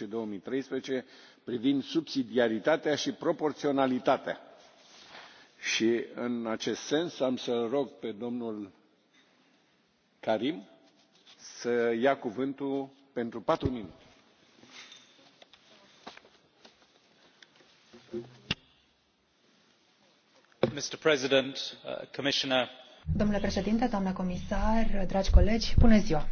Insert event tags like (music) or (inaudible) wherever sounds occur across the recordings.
și două mii treisprezece privind subsidiaritatea și proporționalitatea și în acest sens am să l rog pe domnul karim să ia cuvântul pentru patru minute. Uh, domnule președinte doamnă comisar dragi colegi bună ziua!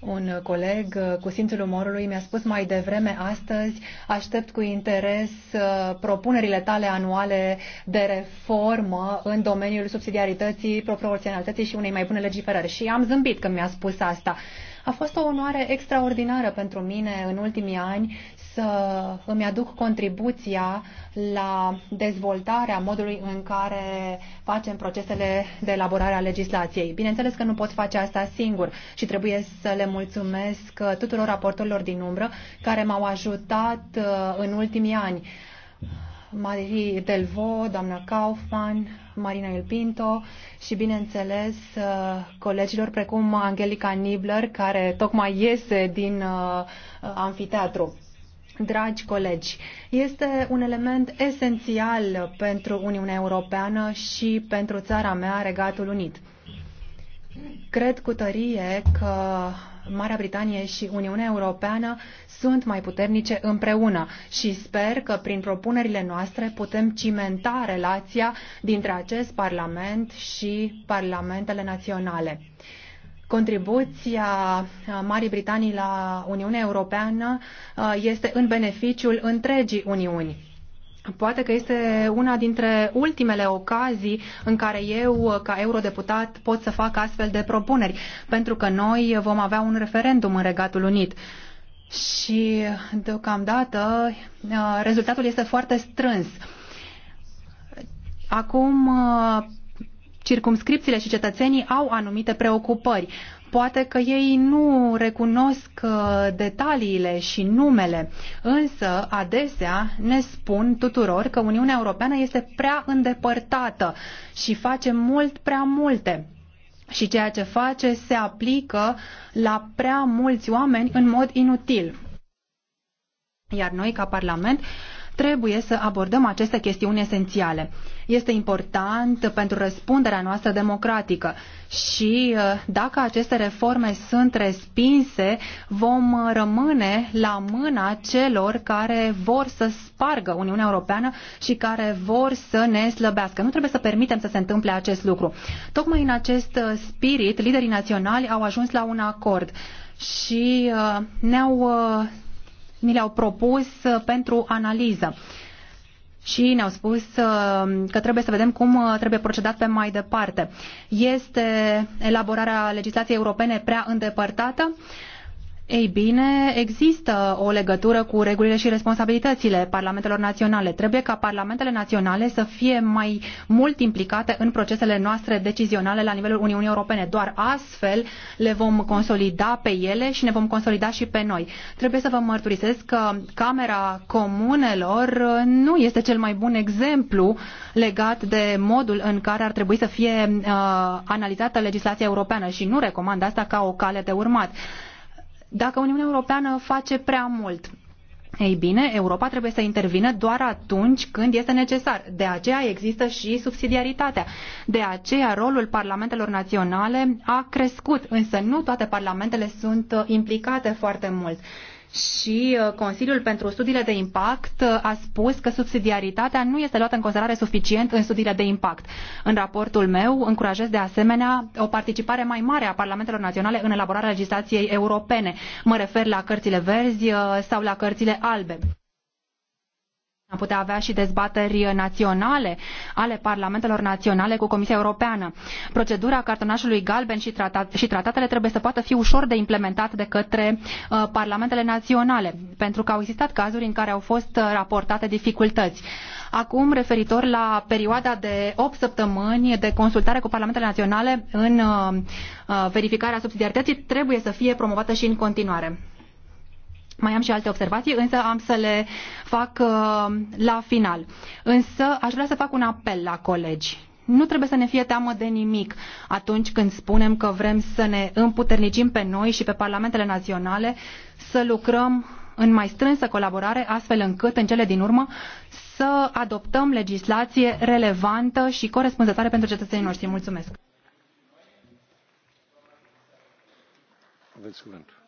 Un coleg uh, cu simțul umorului mi-a spus mai devreme astăzi, aștept cu interes uh, propunerile tale anuale de reformă în domeniul subsidiarității, proporționalității și unei mai bune legiferări. Și am zâmbit când mi-a spus asta. A fost o onoare extraordinară pentru mine în ultimii ani să îmi aduc contribuția la dezvoltarea modului în care facem procesele de elaborare a legislației. Bineînțeles că nu pot face asta singur și trebuie să le mulțumesc tuturor raportorilor din umbră care m-au ajutat uh, în ultimii ani. Marie Delvo, doamna Kaufman, Marina Il Pinto și, bineînțeles, uh, colegilor precum Angelica Nibler, care tocmai iese din uh, uh dragi colegi, este un element esențial pentru Uniunea Europeană și pentru țara mea, Regatul Unit. Cred cu tărie că Marea Britanie și Uniunea Europeană sunt mai puternice împreună și sper că prin propunerile noastre putem cimenta relația dintre acest Parlament și Parlamentele naționale contribuția uh, Marii Britanii la Uniunea Europeană uh, este în beneficiul întregii Uniuni. Poate că este una dintre ultimele ocazii în care eu, ca eurodeputat, pot să fac astfel de propuneri, pentru că noi vom avea un referendum în Regatul Unit. Și, deocamdată, uh, rezultatul este foarte strâns. Acum circumscripțiile și cetățenii au anumite preocupări. Poate că ei nu recunosc uh, detaliile și numele, însă adesea ne spun tuturor că Uniunea Europeană este prea îndepărtată și face mult prea multe. Și ceea ce face se aplică la prea mulți oameni în mod inutil. Iar noi, ca Parlament, trebuie să abordăm aceste chestiuni esențiale. Este important pentru răspunderea noastră democratică și uh, dacă aceste reforme sunt respinse, vom uh, rămâne la mâna celor care vor să spargă Uniunea Europeană și care vor să ne slăbească. Nu trebuie să permitem să se întâmple acest lucru. Tocmai în acest uh, spirit, liderii naționali au ajuns la un acord și ne-au ni le-au propus uh, pentru analiză și ne-au spus uh, că trebuie să vedem cum uh, trebuie procedat pe mai departe. Este elaborarea legislației europene prea îndepărtată? Ei bine, există o legătură cu regulile și responsabilitățile parlamentelor naționale. Trebuie ca parlamentele naționale să fie mai mult implicate în procesele noastre decizionale la nivelul Uniunii Europene. Doar astfel le vom consolida pe ele și ne vom consolida și pe noi. Trebuie să vă mărturisesc că Camera Comunelor nu este cel mai bun exemplu legat de modul în care ar trebui să fie uh, analizată legislația europeană și nu recomand asta ca o cale de urmat dacă Uniunea Europeană face prea mult. Ei bine, Europa trebuie să intervină doar atunci când este necesar. De aceea există și subsidiaritatea. De aceea rolul parlamentelor naționale a crescut, însă nu toate parlamentele sunt uh, implicate foarte mult și uh, Consiliul pentru Studiile de Impact uh, a spus că subsidiaritatea nu este luată în considerare suficient în studiile de impact. În raportul meu încurajez de asemenea o participare mai mare a Parlamentelor Naționale în elaborarea legislației europene. Mă refer la cărțile verzi uh, sau la cărțile albe. Am putea avea și dezbateri naționale ale parlamentelor naționale cu Comisia Europeană. Procedura cartonașului galben și, tratat, și tratatele trebuie să poată fi ușor de implementat de către uh, parlamentele naționale, pentru că au existat cazuri în care au fost uh, raportate dificultăți. Acum, referitor la perioada de 8 săptămâni de consultare cu parlamentele naționale în uh, uh, verificarea subsidiarității, trebuie să fie promovată și în continuare. Mai am și alte observații, însă am să le fac uh, la final. Însă aș vrea să fac un apel la colegi. Nu trebuie să ne fie teamă de nimic atunci când spunem că vrem să ne împuternicim pe noi și pe parlamentele naționale să lucrăm în mai strânsă colaborare, astfel încât, în cele din urmă, să adoptăm legislație relevantă și corespunzătoare pentru cetățenii noștri. Mulțumesc! Aveți cuvântul.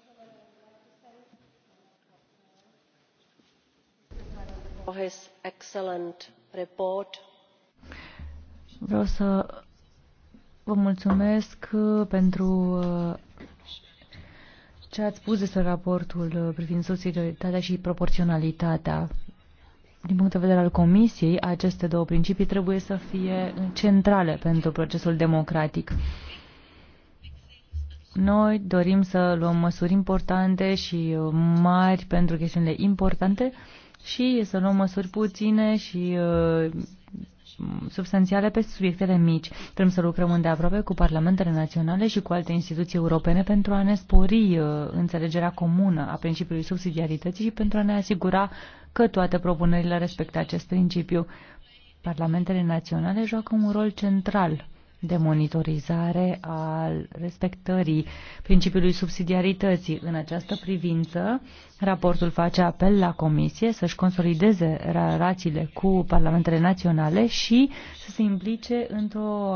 Vreau să vă mulțumesc uh, pentru uh, ce ați spus despre raportul uh, privind subsidiaritatea și proporționalitatea. Din punct de vedere al Comisiei, aceste două principii trebuie să fie centrale pentru procesul democratic. Noi dorim să luăm măsuri importante și mari pentru chestiunile importante, și să luăm măsuri puține și uh, substanțiale pe subiectele mici. Trebuie să lucrăm îndeaproape cu parlamentele naționale și cu alte instituții europene pentru a ne spori uh, înțelegerea comună a principiului subsidiarității și pentru a ne asigura că toate propunerile respectă acest principiu. Parlamentele naționale joacă un rol central de monitorizare al respectării principiului subsidiarității. În această privință, raportul face apel la Comisie să-și consolideze relațiile cu parlamentele naționale și să se implice într-o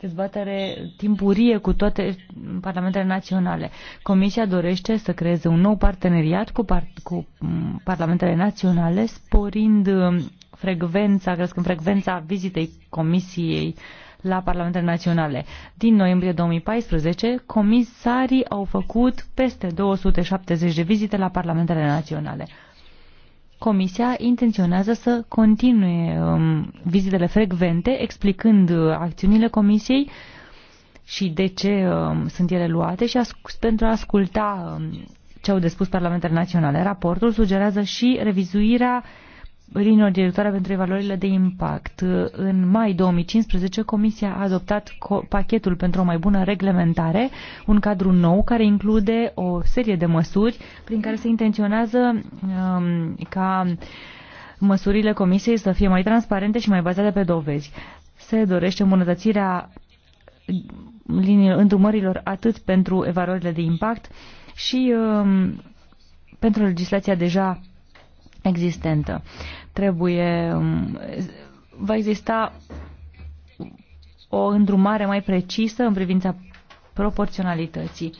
dezbatere timpurie cu toate parlamentele naționale. Comisia dorește să creeze un nou parteneriat cu, par cu mm, parlamentele naționale, sporind mm, frecvența, crescând frecvența vizitei Comisiei la Parlamentele Naționale. Din noiembrie 2014, comisarii au făcut peste 270 de vizite la Parlamentele Naționale. Comisia intenționează să continue um, vizitele frecvente, explicând uh, acțiunile Comisiei și de ce um, sunt ele luate și pentru a asculta um, ce au de spus Parlamentele Naționale. Raportul sugerează și revizuirea uh, Rino, directoarea pentru evaluările de impact. În mai 2015, Comisia a adoptat pachetul pentru o mai bună reglementare, un cadru nou care include o serie de măsuri prin care se intenționează um, ca măsurile Comisiei să fie mai transparente și mai bazate pe dovezi. Se dorește îmbunătățirea îndrumărilor atât pentru evaluările de impact și um, pentru legislația deja existentă. Trebuie, um, va exista o îndrumare mai precisă în privința proporționalității.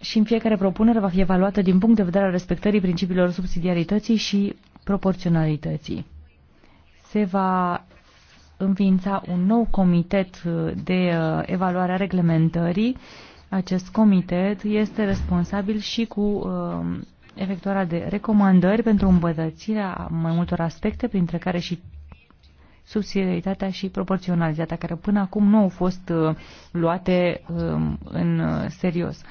Și în fiecare propunere va fi evaluată din punct de vedere al respectării principiilor subsidiarității și proporționalității. Se va înființa un nou comitet de uh, evaluare a reglementării acest comitet este responsabil și cu um, efectuarea de recomandări pentru îmbătățirea mai multor aspecte, printre care și subsidiaritatea și proporționalitatea, care până acum nu au fost uh, luate um, în uh, serios.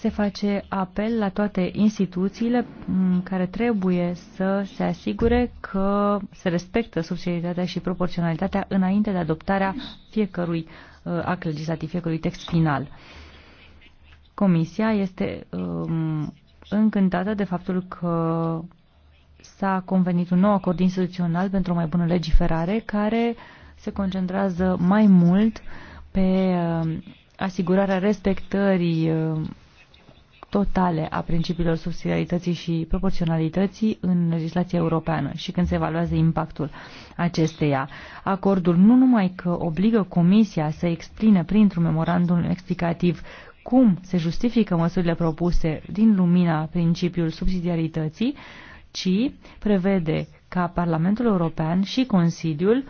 se face apel la toate instituțiile mm, care trebuie să se asigure că se respectă subsidiaritatea și proporționalitatea înainte de adoptarea fiecărui uh, act legislativ, fiecărui text final. Comisia este um, încântată de faptul că s-a convenit un nou acord instituțional pentru o mai bună legiferare care se concentrează mai mult pe uh, asigurarea respectării uh, totale a principiilor subsidiarității și proporționalității în legislația europeană și când se evaluează impactul acesteia. Acordul nu numai că obligă Comisia să explice printr-un memorandum explicativ cum se justifică măsurile propuse din lumina principiul subsidiarității, ci prevede ca Parlamentul European și Consiliul,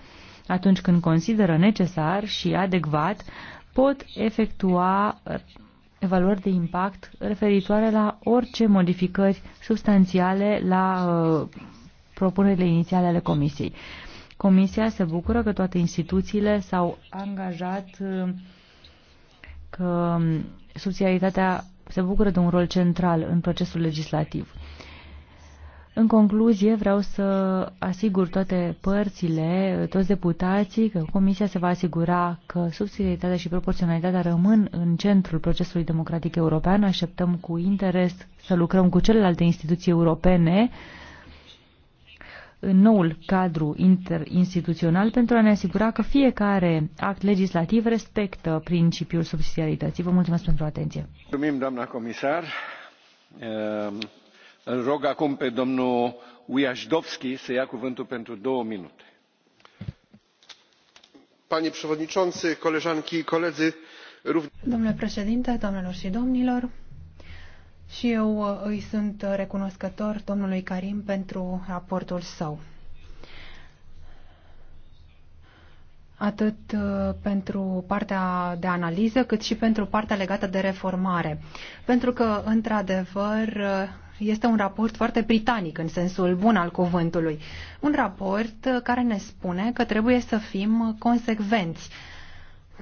atunci când consideră necesar și adecvat, pot efectua evaluări de impact referitoare la orice modificări substanțiale la uh, propunerile inițiale ale Comisiei. Comisia se bucură că toate instituțiile s-au angajat uh, că subsidiaritatea se bucură de un rol central în procesul legislativ. În concluzie, vreau să asigur toate părțile, toți deputații, că Comisia se va asigura că subsidiaritatea și proporționalitatea rămân în centrul procesului democratic european. Așteptăm cu interes să lucrăm cu celelalte instituții europene în noul cadru interinstituțional pentru a ne asigura că fiecare act legislativ respectă principiul subsidiarității. Vă mulțumesc pentru atenție. Mulțumim, doamna comisar. Ehm, pentru panie przewodniczący koleżanki i koledzy! domnule președinte doamnelor și domnilor și eu uh, îi sunt recunoscător domnului karim pentru raportul său. atât uh, pentru partea de analiză, cât și pentru partea legată de reformare. Pentru că, într-adevăr, uh, este un raport foarte britanic în sensul bun al cuvântului. Un raport care ne spune că trebuie să fim consecvenți.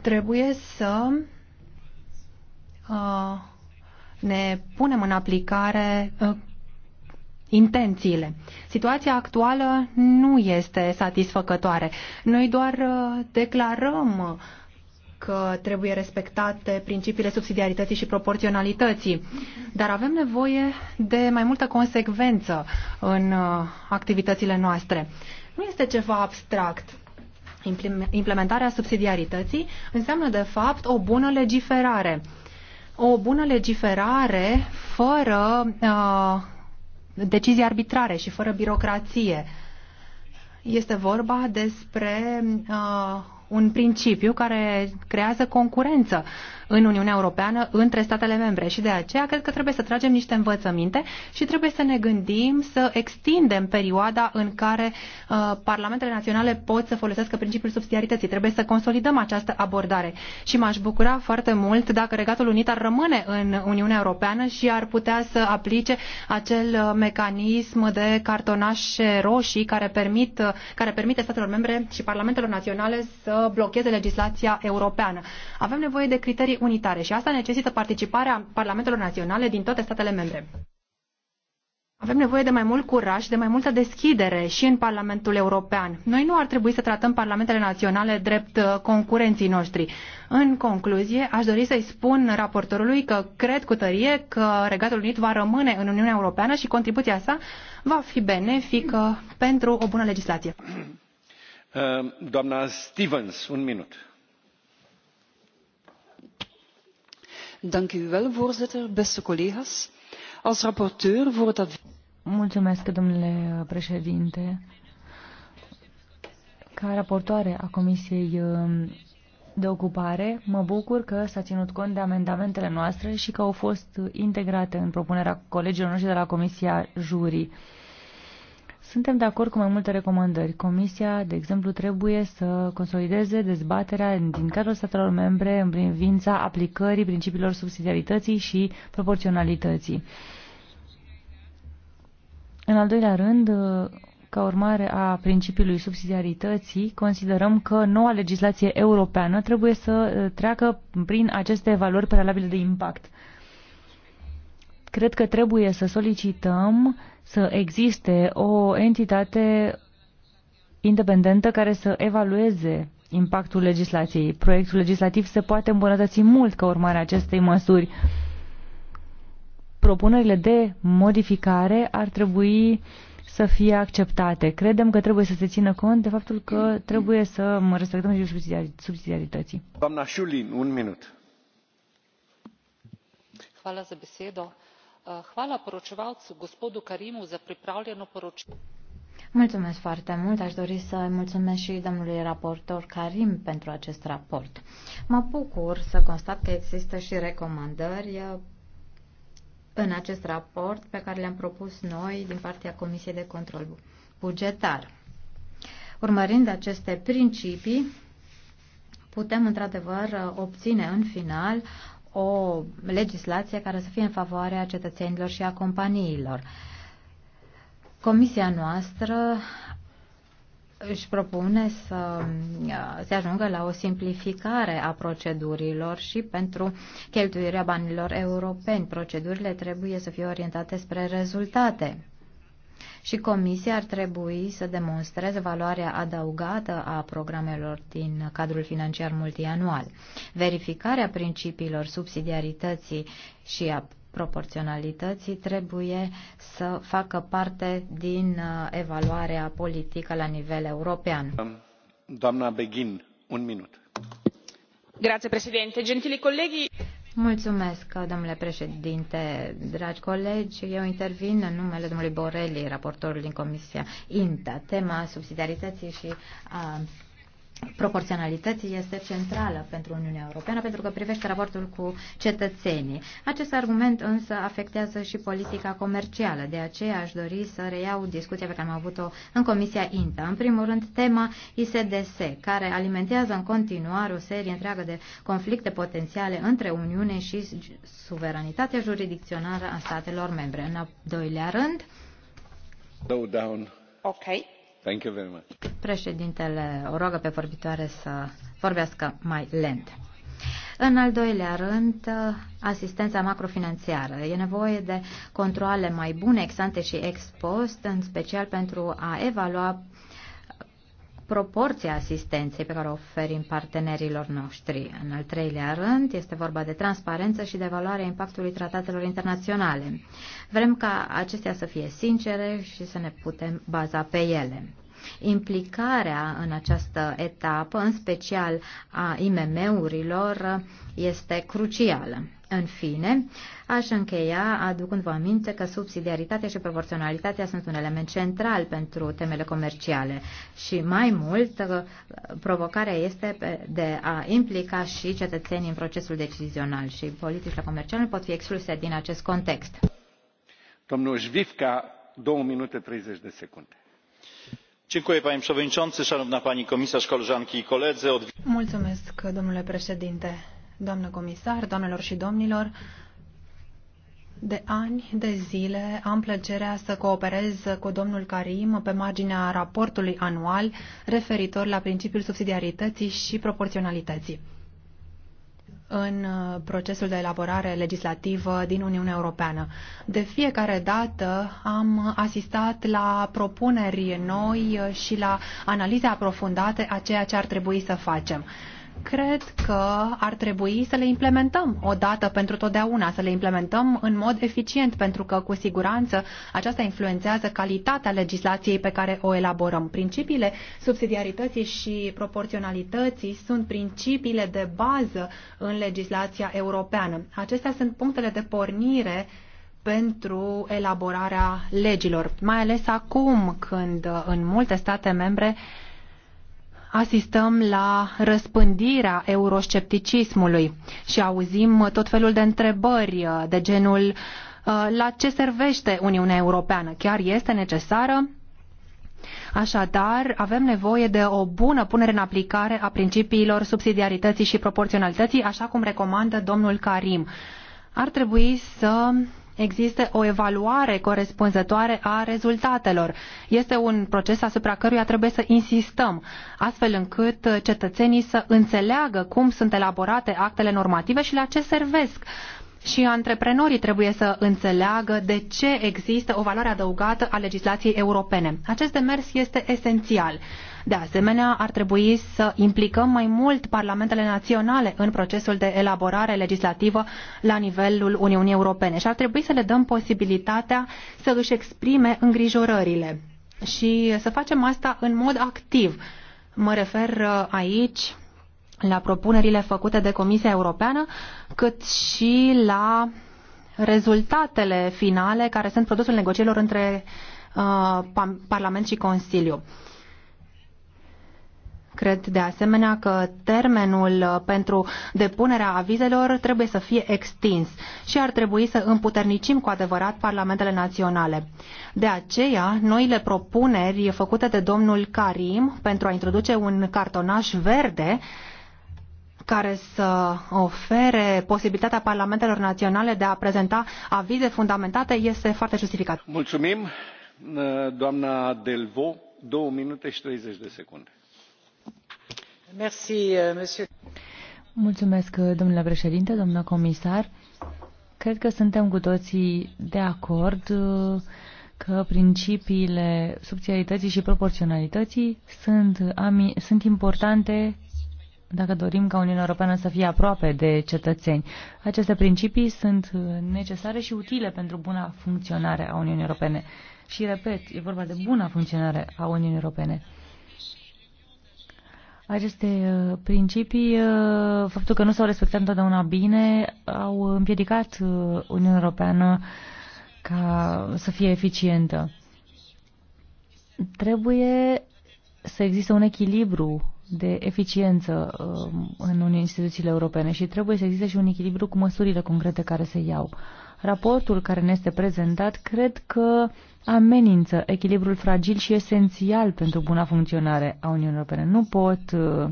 Trebuie să uh, ne punem în aplicare uh, intențiile. Situația actuală nu este satisfăcătoare. Noi doar uh, declarăm că trebuie respectate principiile subsidiarității și proporționalității, dar avem nevoie de mai multă consecvență în uh, activitățile noastre. Nu este ceva abstract. Implementarea subsidiarității înseamnă, de fapt, o bună legiferare. O bună legiferare fără uh, decizii arbitrare și fără birocrație. Este vorba despre uh, un principiu care creează concurență în Uniunea Europeană între statele membre și de aceea cred că trebuie să tragem niște învățăminte și trebuie să ne gândim să extindem perioada în care uh, parlamentele naționale pot să folosească principiul subsidiarității. Trebuie să consolidăm această abordare și m-aș bucura foarte mult dacă Regatul Unit ar rămâne în Uniunea Europeană și ar putea să aplice acel uh, mecanism de cartonașe roșii care, permit, uh, care permite statelor membre și parlamentelor naționale să blocheze legislația europeană. Avem nevoie de criterii unitare și asta necesită participarea parlamentelor naționale din toate statele membre. Avem nevoie de mai mult curaj, de mai multă deschidere și în Parlamentul European. Noi nu ar trebui să tratăm parlamentele naționale drept uh, concurenții noștri. În concluzie, aș dori să-i spun raportorului că cred cu tărie că Regatul Unit va rămâne în Uniunea Europeană și contribuția sa va fi benefică pentru o bună legislație. Ehm, voorzitter beste collega's als rapporteur voor het advies. domnule președinte ca raportoare a comisiei ehm, de ocupare mă bucur că s a ținut cont de amendamentele noastre și că au fost integrate în propunerea colegilor noștri de la comisia juri. Suntem de acord cu mai multe recomandări. Comisia, de exemplu, trebuie să consolideze dezbaterea din cadrul statelor membre în privința aplicării principiilor subsidiarității și proporționalității. În al doilea rând, ca urmare a principiului subsidiarității, considerăm că noua legislație europeană trebuie să treacă prin aceste valori prealabile de impact. Cred că trebuie să solicităm să existe o entitate independentă care să evalueze impactul legislației. Proiectul legislativ se poate îmbunătăți mult ca urmare a acestei măsuri. Propunerile de modificare ar trebui să fie acceptate. Credem că trebuie să se țină cont de faptul că trebuie să respectăm și subsidiarității. Doamna Șulin, un minut. Hvala za besedo. Eh, hvala poročevalcu gospodu Karimu za pripravljeno poročilo. Mulțumesc foarte mult. Aș dori să mulțumesc și domnului raportor Karim pentru acest raport. Mă bucur să constat că există și recomandări eh, în acest raport pe care le-am propus noi din partea Comisiei de Control Bugetar. Urmărind aceste principii, putem într-adevăr eh, obține în final o legislație care să fie în favoarea cetățenilor și a companiilor. Comisia noastră își propune să uh, se ajungă la o simplificare a procedurilor și pentru cheltuirea banilor europeni. Procedurile trebuie să fie orientate spre rezultate și Comisia ar trebui să demonstreze valoarea adăugată a programelor din cadrul financiar multianual. Verificarea principiilor subsidiarității și a proporționalității trebuie să facă parte din uh, evaluarea politică la nivel european. Um, doamna Beghin, un minut. Grazie Presidente. Gentili colleghi, Mulțumesc, domnule președinte, dragi colegi. Eu intervin în numele domnului Borelli, raportorul din Comisia INTA. Tema subsidiarității și a proporționalității este centrală pentru Uniunea Europeană pentru că privește raportul cu cetățenii. Acest argument însă afectează și politica comercială, de aceea aș dori să reiau discuția pe care am avut-o în Comisia INTA. În primul rând, tema ISDS, care alimentează în continuare o serie întreagă de conflicte potențiale între Uniune și suveranitatea jurisdicțională a statelor membre. În al doilea rând, Okay. Thank you very much. Președintele o rogă pe vorbitoare să vorbească mai lent. În al doilea rând, asistența macrofinanciară. E nevoie de controle mai bune, ex ante și ex post, în special pentru a evalua proporția asistenței pe care o oferim partenerilor noștri. În al treilea rând, este vorba de transparență și de evaluarea impactului tratatelor internaționale. Vrem ca acestea să fie sincere și să ne putem baza pe ele. Implicarea în această etapă, în special a IMM-urilor, este crucială. În fine, aș încheia aducând-vă aminte că subsidiaritatea și proporționalitatea sunt un element central pentru temele comerciale și mai mult provocarea este de a implica și cetățenii în procesul decizional și politicile comerciale pot fi excluse din acest context. Domnul Jvivka, 2 minute 30 de secunde. Mulțumesc, domnule președinte doamnă comisar, doamnelor și domnilor, de ani de zile am plăcerea să cooperez cu domnul Karim pe marginea raportului anual referitor la principiul subsidiarității și proporționalității în uh, procesul de elaborare legislativă din Uniunea Europeană. De fiecare dată am asistat la propuneri noi și la analize aprofundate a ceea ce ar trebui să facem cred că ar trebui să le implementăm o dată pentru totdeauna, să le implementăm în mod eficient, pentru că cu siguranță aceasta influențează calitatea legislației pe care o elaborăm. Principiile subsidiarității și proporționalității sunt principiile de bază în legislația europeană. Acestea sunt punctele de pornire pentru elaborarea legilor, mai ales acum când în multe state membre asistăm la răspândirea euroscepticismului și auzim tot felul de întrebări uh, de genul uh, la ce servește Uniunea Europeană? Chiar este necesară? Așadar, avem nevoie de o bună punere în aplicare a principiilor subsidiarității și proporționalității, așa cum recomandă domnul Karim. Ar trebui să existe o evaluare corespunzătoare a rezultatelor. Este un proces asupra căruia trebuie să insistăm, astfel încât uh, cetățenii să înțeleagă cum sunt elaborate actele normative și la ce servesc. Și antreprenorii trebuie să înțeleagă de ce există o valoare adăugată a legislației europene. Acest demers este esențial de asemenea, ar trebui să implicăm mai mult parlamentele naționale în procesul de elaborare legislativă la nivelul Uniunii Europene și ar trebui să le dăm posibilitatea să își exprime îngrijorările și să facem asta în mod activ. Mă refer uh, aici la propunerile făcute de Comisia Europeană, cât și la rezultatele finale care sunt produsul negocierilor între uh, Parlament și Consiliu. Cred de asemenea că termenul uh, pentru depunerea avizelor trebuie să fie extins și ar trebui să împuternicim cu adevărat parlamentele naționale. De aceea, noile propuneri făcute de domnul Karim pentru a introduce un cartonaș verde care să ofere posibilitatea parlamentelor naționale de a prezenta avize fundamentate este foarte justificat. Mulțumim, uh, doamna Delvo, două minute și 30 de secunde Euh, Mulțumesc, domnule președinte, domnule comisar. Cred că suntem cu toții de acord uh, că principiile subsidiarității și proporționalității sunt, sunt importante dacă dorim ca Uniunea Europeană să fie aproape de cetățeni. Aceste principii sunt uh, necesare și utile pentru buna funcționare a Uniunii Europene. Și, repet, e vorba de buna funcționare a Uniunii Europene. Aceste uh, principii, uh, faptul că nu s-au respectat întotdeauna bine, au împiedicat uh, Uniunea Europeană ca să fie eficientă. Trebuie să existe un echilibru de eficiență um, în instituțiile europene și trebuie să existe și un echilibru cu măsurile concrete care se iau. Raportul care ne este prezentat cred că amenință echilibrul fragil și esențial pentru buna funcționare a Uniunii Europene. Nu pot uh,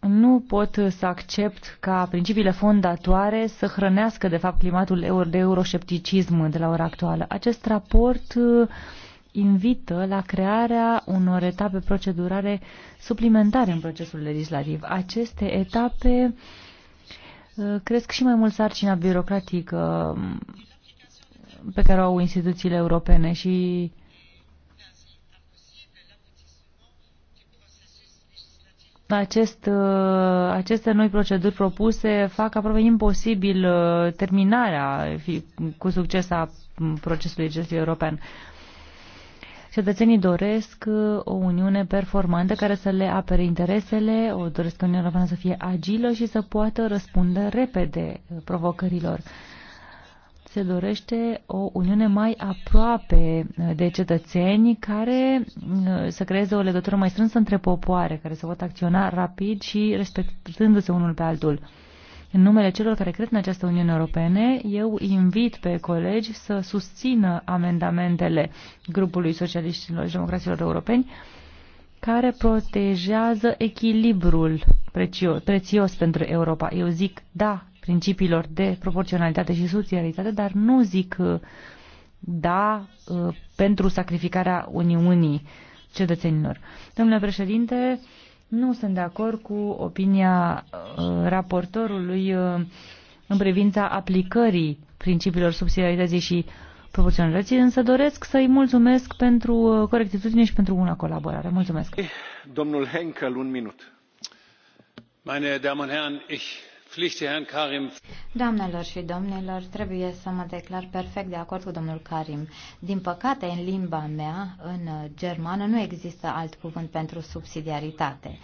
nu pot să accept ca principiile fondatoare să hrănească, de fapt, climatul de euroscepticism de la ora actuală. Acest raport uh, invită la crearea unor etape procedurare suplimentare în procesul legislativ. Aceste etape uh, cresc și mai mult sarcina birocratică um, pe care o au instituțiile europene și acest, uh, aceste noi proceduri propuse fac aproape imposibil uh, terminarea cu succes a um, procesului legislativ european. Cetățenii doresc uh, o Uniune performantă care să le apere interesele, o doresc Uniunea Europeană să fie agilă și să poată răspunde repede uh, provocărilor. Se dorește o Uniune mai aproape uh, de cetățeni care să creeze o legătură mai strânsă între popoare, care să pot acționa rapid și respectându-se unul pe altul. În numele celor care cred în această Uniune Europene, eu invit pe colegi să susțină amendamentele grupului socialiștilor și democraților europeni care protejează echilibrul prețios, prețios pentru Europa. Eu zic da principiilor de proporționalitate și subsidiaritate, dar nu zic uh, da uh, pentru sacrificarea Uniunii cetățenilor. Domnule președinte, nu sunt de acord cu opinia uh, raportorului uh, în privința aplicării principiilor subsidiarității și proporționalității, însă doresc să-i mulțumesc pentru uh, corectitudine și pentru bună colaborare. Mulțumesc. Domnul Henkel, un minut. Meine Damen und Herren, ich Doamnelor și domnilor, trebuie să mă declar perfect de acord cu domnul Karim. Din păcate, în limba mea, în germană, nu există alt cuvânt pentru subsidiaritate,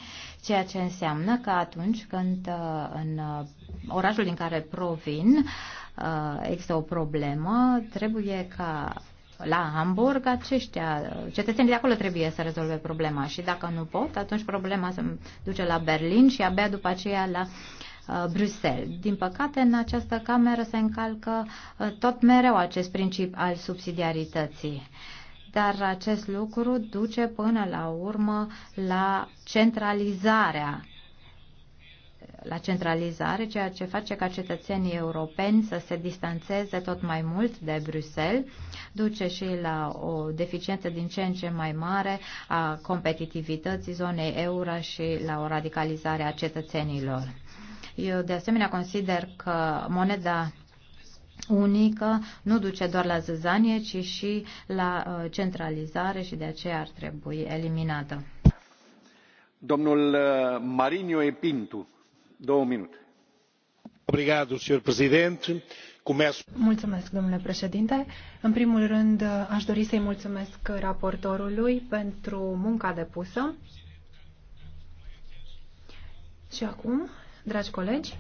ceea ce înseamnă că atunci când uh, în uh, orașul din care provin uh, există o problemă, trebuie ca la Hamburg, aceștia, cetățenii de acolo trebuie să rezolve problema și dacă nu pot, atunci problema se duce la Berlin și abia după aceea la uh, Uh, Bruxelles. Din păcate, în această cameră se încalcă uh, tot mereu acest principiu al subsidiarității. Dar acest lucru duce până la urmă la centralizarea la centralizare, ceea ce face ca cetățenii europeni să se distanțeze tot mai mult de Bruxelles, duce și la o deficiență din ce în ce mai mare a competitivității zonei euro și la o radicalizare a cetățenilor. Eu de asemenea consider că moneda unică nu duce doar la zăzanie, ci și la uh, centralizare și de aceea ar trebui eliminată. Domnul uh, Marinio Epintu, două minute. Obrigado, senhor presidente. Mulțumesc, domnule președinte. În primul rând, aș dori să-i mulțumesc raportorului pentru munca depusă. Și acum Dragi colegi,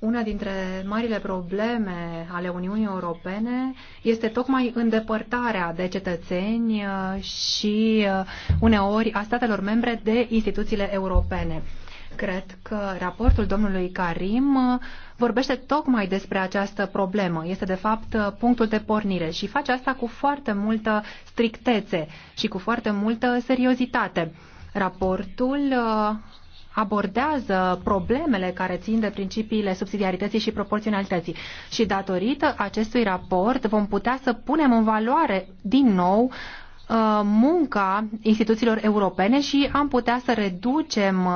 una dintre marile probleme ale Uniunii Europene este tocmai îndepărtarea de cetățeni uh, și uh, uneori a statelor membre de instituțiile europene. Cred că raportul domnului Karim uh, vorbește tocmai despre această problemă. Este, de fapt, punctul de pornire și face asta cu foarte multă strictețe și cu foarte multă seriozitate. Raportul abordează problemele care țin de principiile subsidiarității și proporționalității. Și datorită acestui raport vom putea să punem în valoare din nou uh, Uh, munca instituțiilor europene și am putea să reducem uh,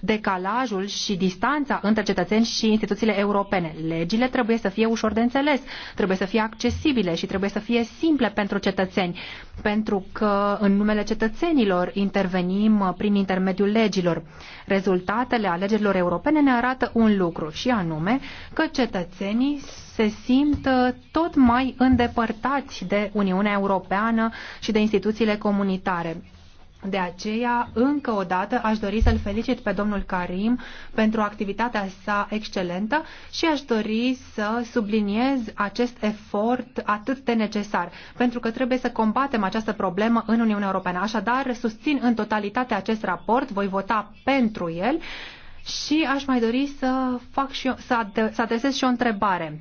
decalajul și distanța între cetățeni și instituțiile europene. Legile trebuie să fie ușor de înțeles, trebuie să fie accesibile și trebuie să fie simple pentru cetățeni, pentru că în numele cetățenilor intervenim uh, prin intermediul legilor. Rezultatele alegerilor europene ne arată un lucru și anume că cetățenii se simt uh, tot mai îndepărtați de Uniunea Europeană și de instituțiile comunitare. De aceea, încă o dată, aș dori să-l felicit pe domnul Karim pentru activitatea sa excelentă și aș dori să subliniez acest efort atât de necesar, pentru că trebuie să combatem această problemă în Uniunea Europeană. Așadar, susțin în totalitate acest raport, voi vota pentru el și aș mai dori să, fac și eu, să, adresez și o întrebare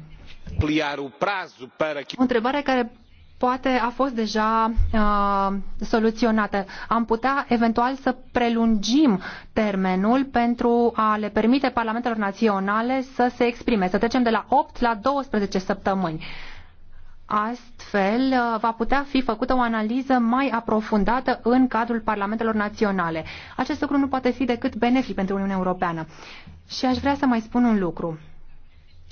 o întrebare care poate a fost deja uh, soluționată. Am putea eventual să prelungim termenul pentru a le permite parlamentelor naționale să se exprime, să trecem de la 8 la 12 săptămâni. Astfel, uh, va putea fi făcută o analiză mai aprofundată în cadrul parlamentelor naționale. Acest lucru nu poate fi decât benefic pentru Uniunea Europeană. Și aș vrea să mai spun un lucru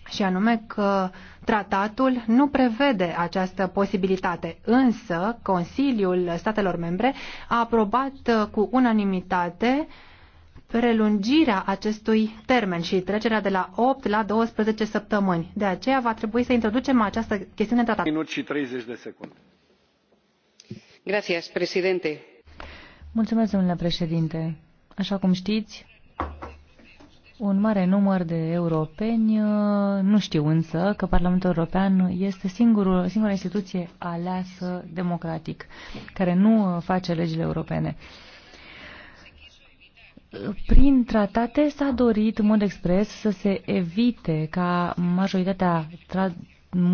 și anume că tratatul nu prevede această posibilitate, însă Consiliul Statelor Membre a aprobat cu unanimitate prelungirea acestui termen și trecerea de la 8 la 12 săptămâni. De aceea va trebui să introducem această chestiune în tratat. Minut și 30 de secunde. Gracias, președinte. Mulțumesc, domnule președinte. Așa cum știți, un mare număr de europeni uh, nu știu însă că Parlamentul European este singurul, singura instituție aleasă democratic, care nu uh, face legile europene. Prin tratate s-a dorit în mod expres să se evite ca majoritatea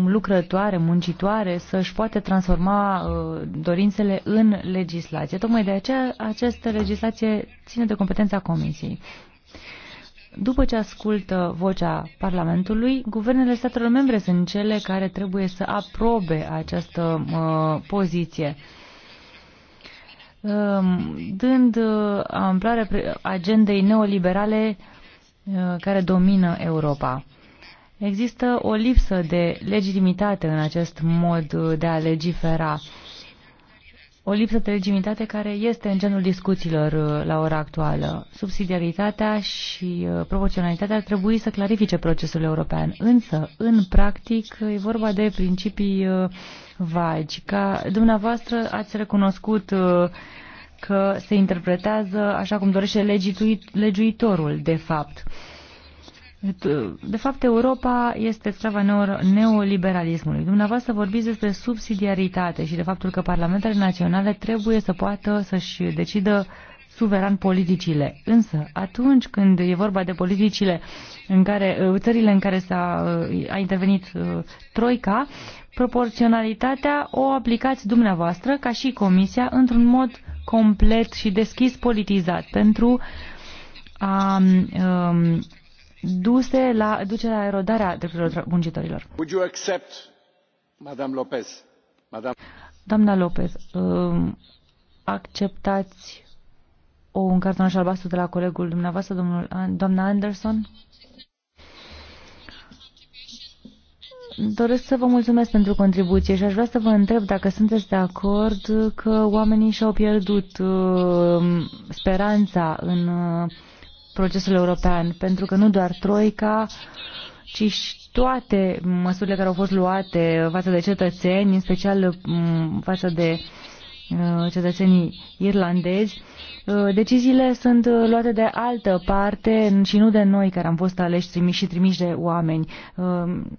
lucrătoare, muncitoare, să-și poate transforma uh, dorințele în legislație. Tocmai de aceea această legislație ține de competența Comisiei. După ce ascultă vocea Parlamentului, guvernele statelor membre sunt cele care trebuie să aprobe această uh, poziție. dând uh, agendei neoliberale uh, care domină Europa. Există o lipsă de legitimitate în acest mod de a legifera. Uh, o lipsă de legitimitate care este în genul discuțiilor uh, la ora actuală. Subsidiaritatea și uh, proporționalitatea ar trebui să clarifice procesul european, însă, în practic, e vorba de principii uh, vagi. Ca dumneavoastră ați recunoscut că se interpretează așa cum dorește legiuitorul, de fapt. De fapt, Europa este strava neoliberalismului. Dumneavoastră vorbiți despre subsidiaritate și de faptul că parlamentele naționale trebuie să poată să-și decidă suveran politicile. Însă, atunci când e vorba de politicile în care, țările în care s-a a intervenit uh, Troica, proporționalitatea o aplicați dumneavoastră, ca și Comisia, într-un mod complet și deschis politizat pentru a um, duse la, duce la erodarea drepturilor muncitorilor. Would you Doamna Lopez, um, acceptați o, un cartonaș albastru de la colegul dumneavoastră, domnul, doamna Anderson? Doresc să vă mulțumesc pentru contribuție și aș vrea să vă întreb dacă sunteți de acord că oamenii și-au pierdut um, speranța în uh, procesul european, pentru că nu doar Troica, ci și toate măsurile care au fost luate față de cetățeni, în special mm, față de uh, cetățenii irlandezi, uh, deciziile sunt uh, luate de altă parte și nu de noi care am fost aleși trimiși și trimiși de oameni.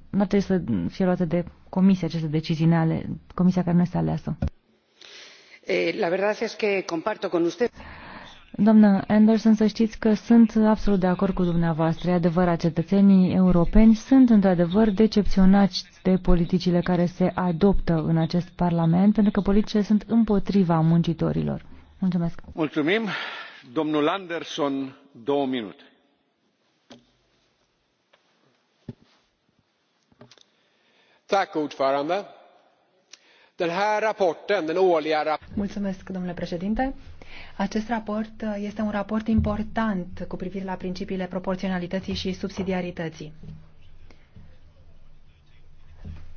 Nu ar trebui să fie luate de comisia aceste decizii, ale, comisia care nu este aleasă. Eh, la verdad es que comparto con usted. Doamnă Anderson, să știți că sunt absolut de acord cu dumneavoastră. E adevărat, cetățenii europeni sunt într-adevăr decepționați de politicile care se adoptă în acest Parlament, pentru că politicile sunt împotriva muncitorilor. Mulțumesc. Mulțumim. Domnul Anderson, două minute. Tack, ordförande. Den här rapporten, den årliga... Mulțumesc, domnule președinte. Acest raport uh, este un raport important cu privire la principiile proporționalității și subsidiarității.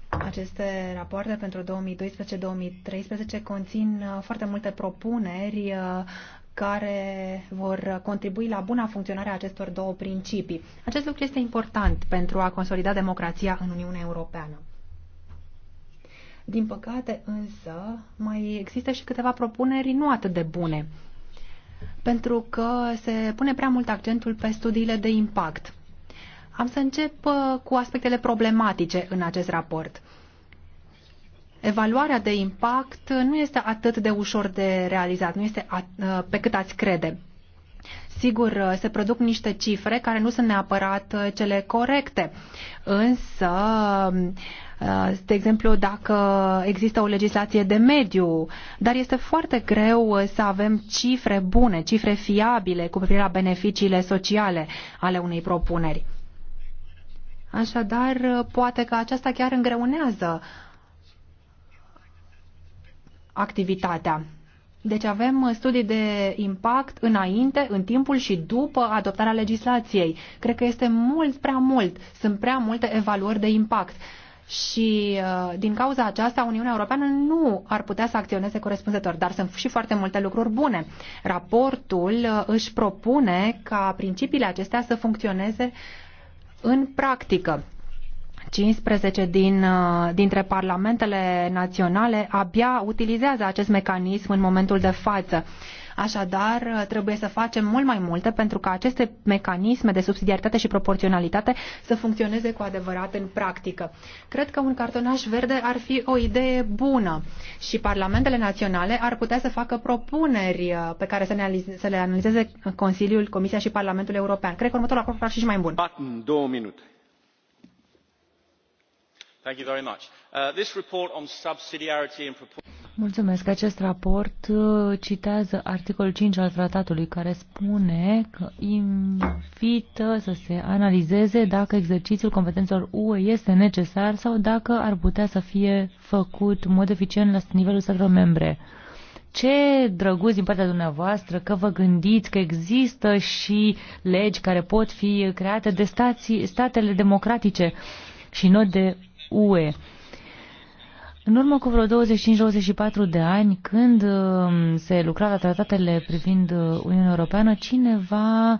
Aceste rapoarte pentru 2012-2013 conțin uh, foarte multe propuneri uh, care vor contribui la buna funcționare a acestor două principii. Acest lucru este important pentru a consolida democrația în Uniunea Europeană. Din păcate, însă, mai există și câteva propuneri nu atât de bune pentru că se pune prea mult accentul pe studiile de impact. Am să încep uh, cu aspectele problematice în acest raport. Evaluarea de impact nu este atât de ușor de realizat, nu este uh, pe cât ați crede. Sigur, uh, se produc niște cifre care nu sunt neapărat cele corecte, însă um, Uh, de exemplu, dacă există o legislație de mediu, dar este foarte greu uh, să avem cifre bune, cifre fiabile cu privire la beneficiile sociale ale unei propuneri. Așadar, uh, poate că aceasta chiar îngreunează activitatea. Deci avem studii de impact înainte, în timpul și după adoptarea legislației. Cred că este mult prea mult. Sunt prea multe evaluări de impact și uh, din cauza aceasta Uniunea Europeană nu ar putea să acționeze corespunzător, dar sunt și foarte multe lucruri bune. Raportul uh, își propune ca principiile acestea să funcționeze în practică. 15 din, uh, dintre parlamentele naționale abia utilizează acest mecanism în momentul de față Așadar, trebuie să facem mult mai multe pentru ca aceste mecanisme de subsidiaritate și proporționalitate să funcționeze cu adevărat în practică. Cred că un cartonaș verde ar fi o idee bună și parlamentele naționale ar putea să facă propuneri uh, pe care să, analize, să le analizeze Consiliul, Comisia și Parlamentul European. Cred că următorul raport ar fi și mai bun. Button, două minute. Mulțumesc. Acest raport uh, citează articolul 5 al tratatului care spune că invită să se analizeze dacă exercițiul competențelor UE este necesar sau dacă ar putea să fie făcut în mod eficient la nivelul statelor membre. Ce drăguț din partea dumneavoastră că vă gândiți că există și legi care pot fi create de stații, statele democratice și nu de UE. În urmă cu vreo 25-24 de ani, când um, se lucra la tratatele privind uh, Uniunea Europeană, cineva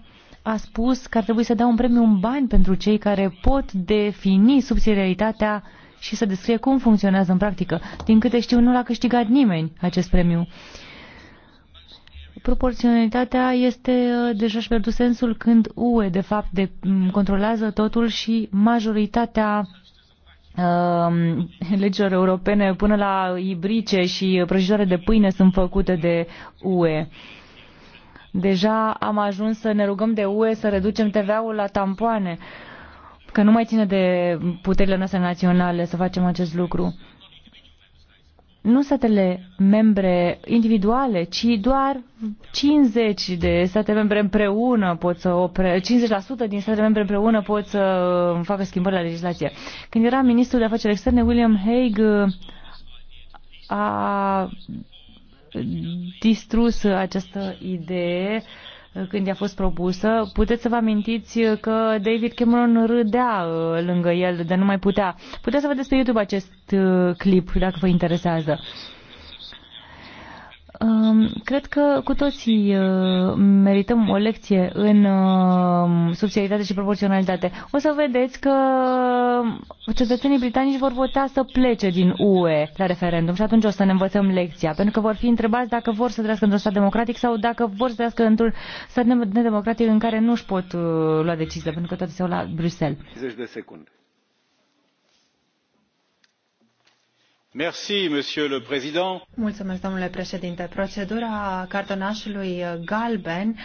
a spus că ar trebui să dea un premiu în bani pentru cei care pot defini subsidiaritatea și să descrie cum funcționează în practică. Din câte știu, nu l-a câștigat nimeni acest premiu. Proporționalitatea este uh, deja și pierdut sensul când UE, de fapt, de, mm, controlează totul și majoritatea Ehm, legilor europene până la ibrice și prăjitoare de pâine sunt făcute de UE. Deja am ajuns să ne rugăm de UE să reducem TVA-ul la tampoane, că nu mai ține de puterile noastre naționale să facem acest lucru nu statele membre individuale, ci doar 50 de state membre împreună pot să opre, 50% din statele membre împreună pot să uh, facă schimbări la legislație. Când era ministru de afaceri externe, William Hague uh, a distrus această idee uh, când i-a fost propusă. Puteți să vă amintiți că David Cameron râdea uh, lângă el de nu mai putea. Puteți să vedeți pe YouTube acest uh, clip dacă vă interesează. Cred că cu toții uh, merităm o lecție în um, subsidiaritate și proporționalitate. O să vedeți că cetățenii britanici vor vota să plece din UE la referendum și atunci o să ne învățăm lecția, pentru că vor fi întrebați dacă vor să trăiască într-un stat democratic sau dacă vor să trăiască într-un stat nedemocratic în care nu își pot uh, lua deciziile, pentru că toate se la Bruxelles. 30 de secunde. Mulțumesc, domnule președinte. Procedura cartonașului galben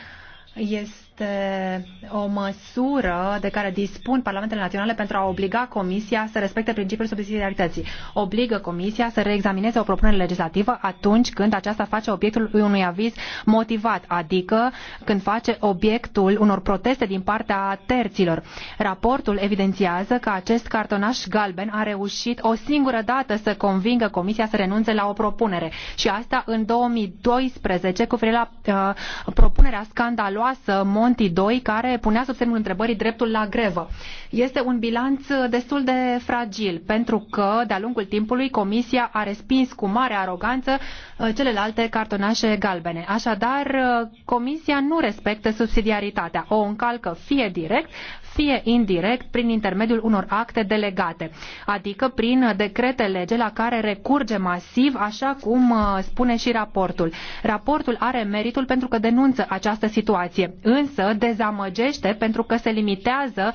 este este o măsură de care dispun Parlamentele Naționale pentru a obliga Comisia să respecte principiul subsidiarității. Obligă Comisia să reexamineze o propunere legislativă atunci când aceasta face obiectul unui aviz motivat, adică când face obiectul unor proteste din partea terților. Raportul evidențiază că acest cartonaș galben a reușit o singură dată să convingă Comisia să renunțe la o propunere și asta în 2012 cu la uh, propunerea scandaloasă Monti 2, care punea sub semnul întrebării dreptul la grevă. Este un bilanț uh, destul de fragil, pentru că, de-a lungul timpului, Comisia a respins cu mare aroganță uh, celelalte cartonașe galbene. Așadar, uh, Comisia nu respectă subsidiaritatea. O încalcă fie direct, fie indirect prin intermediul unor acte delegate, adică prin decrete lege la care recurge masiv, așa cum uh, spune și raportul. Raportul are meritul pentru că denunță această situație, însă dezamăgește pentru că se limitează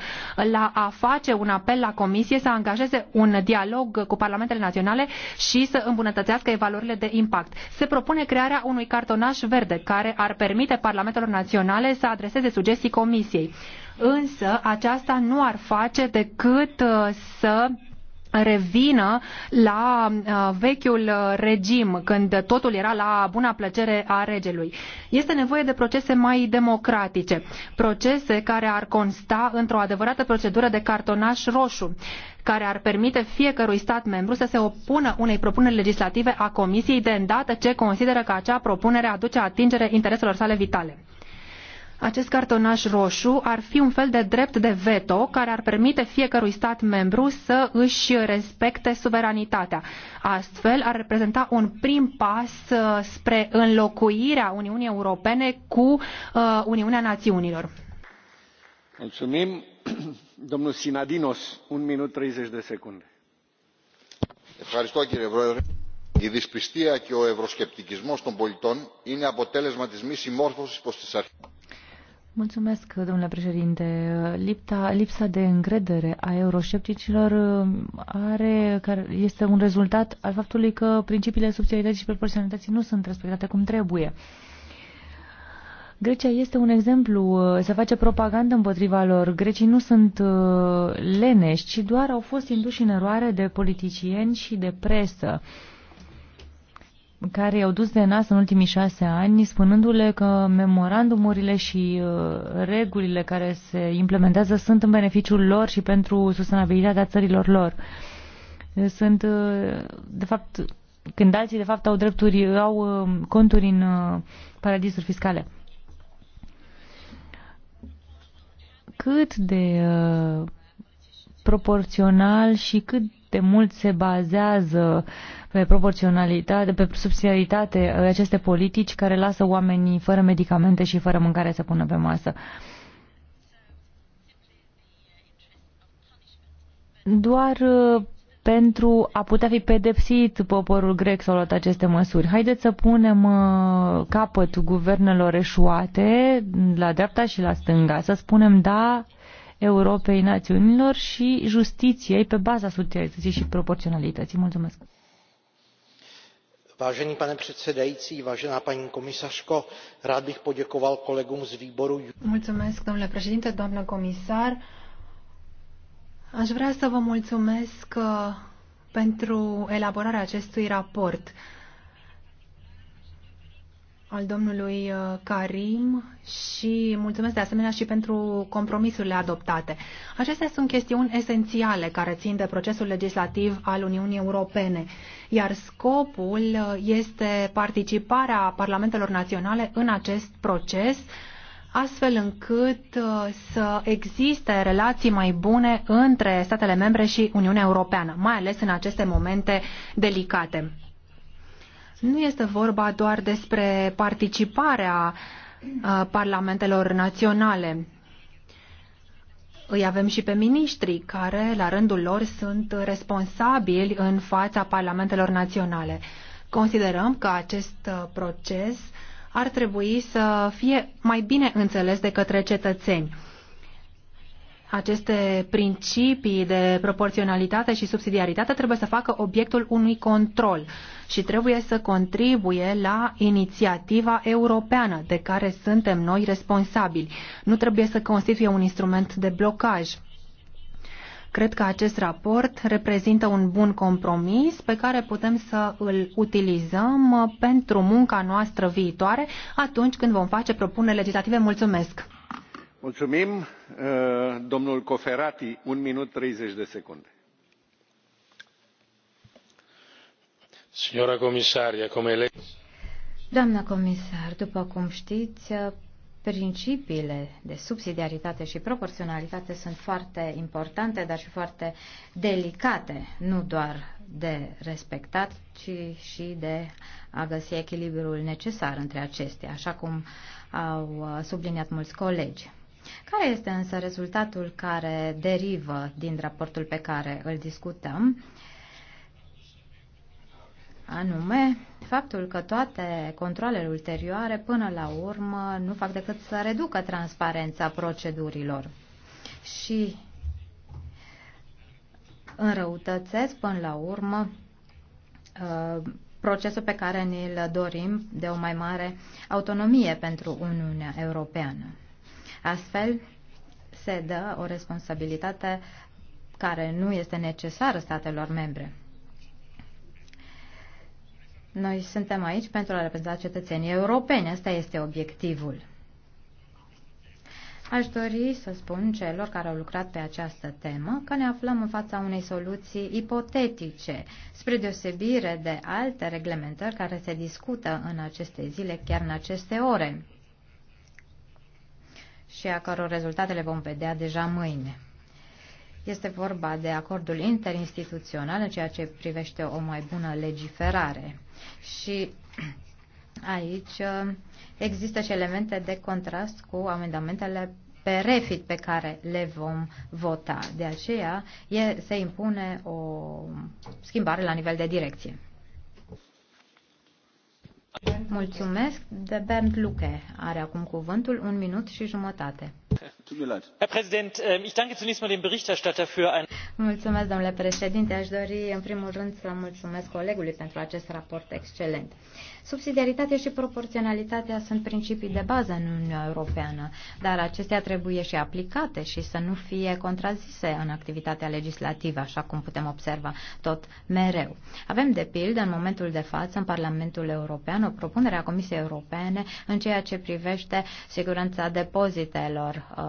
la a face un apel la Comisie să angajeze un dialog cu Parlamentele Naționale și să îmbunătățească evaluările de impact. Se propune crearea unui cartonaș verde care ar permite Parlamentelor Naționale să adreseze sugestii Comisiei însă aceasta nu ar face decât uh, să revină la uh, vechiul regim, când totul era la buna plăcere a regelui. Este nevoie de procese mai democratice, procese care ar consta într-o adevărată procedură de cartonaș roșu, care ar permite fiecărui stat membru să se opună unei propuneri legislative a Comisiei de îndată ce consideră că acea propunere aduce atingere intereselor sale vitale. Acest cartonaș roșu ar fi un fel de drept de veto care ar permite fiecărui stat membru să își respecte suveranitatea. Astfel, ar reprezenta un prim pas uh, spre înlocuirea Uniunii Europene cu uh, Uniunea Națiunilor. Mulțumim. (clears throat) Domnul Sinadinos, un minut 30 de secunde. Ευχαριστώ κύριε Πρόεδρε. Η δυσπιστία και ο ευρωσκεπτικισμός των πολιτών είναι αποτέλεσμα της μη συμμόρφωσης προς τις αρχές. Mulțumesc, domnule președinte. Lipta, lipsa de încredere a euroscepticilor uh, are, care este un rezultat al faptului că principiile subsidiarității și proporționalității nu sunt respectate cum trebuie. Grecia este un exemplu, uh, se face propagandă împotriva lor. Grecii nu sunt uh, leneși, ci doar au fost induși în eroare de politicieni și de presă. Uh, care i-au dus de nas în ultimii șase ani, spunându-le că memorandumurile și uh, regulile care se implementează sunt în beneficiul lor și pentru sustenabilitatea țărilor lor. Sunt, uh, de fapt, când alții, de fapt, au drepturi, au uh, conturi în paradisuri fiscale. Cât de proporțional și cât de mult se bazează uh, pe proporționalitate, pe subsidiaritate uh, aceste politici care lasă oamenii fără medicamente și fără mâncare să pună pe masă. Doar uh, pentru a putea fi pedepsit poporul grec s-au luat aceste măsuri. Haideți să punem uh, capăt guvernelor eșuate mm, la dreapta și la stânga, să spunem da Europei Națiunilor și justiției pe baza subtilității și proporționalității. Mulțumesc! pane předsedající paní komisařko rád bych poděkoval kolegům z výboru domnule președinte comisar aș vrea să mulțumesc uh, pentru elaborarea acestui raport al domnului uh, Karim și mulțumesc de asemenea și pentru compromisurile adoptate. Acestea sunt chestiuni esențiale care țin de procesul legislativ al Uniunii Europene, iar scopul uh, este participarea parlamentelor naționale în acest proces, astfel încât uh, să existe relații mai bune între statele membre și Uniunea Europeană, mai ales în aceste momente delicate. Nu este vorba doar despre participarea uh, parlamentelor naționale. Îi avem și pe miniștri care, la rândul lor, sunt responsabili în fața parlamentelor naționale. Considerăm că acest uh, proces ar trebui să fie mai bine înțeles de către cetățeni aceste principii de proporționalitate și subsidiaritate trebuie să facă obiectul unui control și trebuie să contribuie la inițiativa europeană de care suntem noi responsabili. Nu trebuie să constituie un instrument de blocaj. Cred că acest raport reprezintă un bun compromis pe care putem să îl utilizăm pentru munca noastră viitoare atunci când vom face propuneri legislative. Mulțumesc! domnule președinte doamnă comisar după cum știți principiile de subsidiaritate și proporționalitate sunt foarte importante dar și foarte delicate nu doar de respectat ci și de a găsi echilibrul necesar între acestea așa cum au subliniat mulți colegi. Care este însă rezultatul care derivă din raportul pe care îl discutăm? Anume, faptul că toate controlele ulterioare până la urmă nu fac decât să reducă transparența procedurilor și înrăutățesc până la urmă uh, procesul pe care ne-l dorim de o mai mare autonomie pentru Uniunea Europeană. Astfel, se dă o responsabilitate care nu este necesară statelor membre. Noi suntem aici pentru a reprezenta cetățenii europeni. Asta este obiectivul. Aș dori să spun celor care au lucrat pe această temă că ne aflăm în fața unei soluții ipotetice, spre deosebire de alte reglementări care se discută în aceste zile, chiar în aceste ore și a căror rezultate le vom vedea deja mâine. Este vorba de acordul interinstituțional în ceea ce privește o mai bună legiferare. Și (clears throat) aici uh, există și elemente de contrast cu amendamentele pe refit pe care le vom vota. De aceea e, se impune o schimbare la nivel de direcție. Mulțumesc. De Bernd Lucke are acum cuvântul un minut și jumătate. Ähm, mulțumesc, domnule președinte. Aș dori, în primul rând, să mulțumesc colegului pentru acest raport excelent. Subsidiaritatea și proporționalitatea sunt principii de bază în Uniunea Europeană, dar acestea trebuie și aplicate și să nu fie contrazise în activitatea legislativă, așa cum putem observa tot mereu. Avem de pildă în momentul de față în Parlamentul European o propunere a Comisiei Europene în ceea ce privește siguranța depozitelor uh,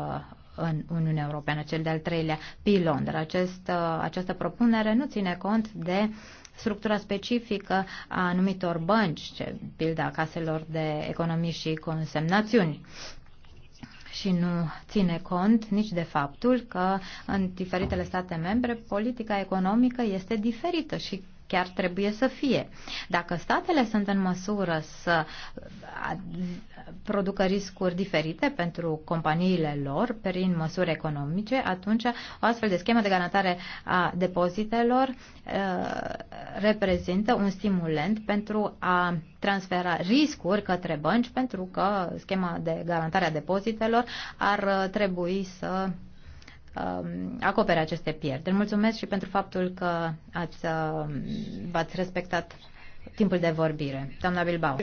în Uniunea Europeană, cel de-al treilea pilon. Dar acest, uh, această propunere nu ține cont de structura specifică a anumitor bănci, ce pilda caselor de economii și consemnațiuni și nu ține cont nici de faptul că în diferitele state membre politica economică este diferită și chiar trebuie să fie. Dacă statele sunt în măsură să producă riscuri diferite pentru companiile lor prin măsuri economice, atunci o astfel de schemă de garantare a depozitelor uh, reprezintă un stimulent pentru a transfera riscuri către bănci, pentru că schema de garantare a depozitelor ar uh, trebui să Um, acopere aceste pierderi. Mulțumesc și pentru faptul că ați, um, v-ați respectat timpul de vorbire. Doamna Bilbao.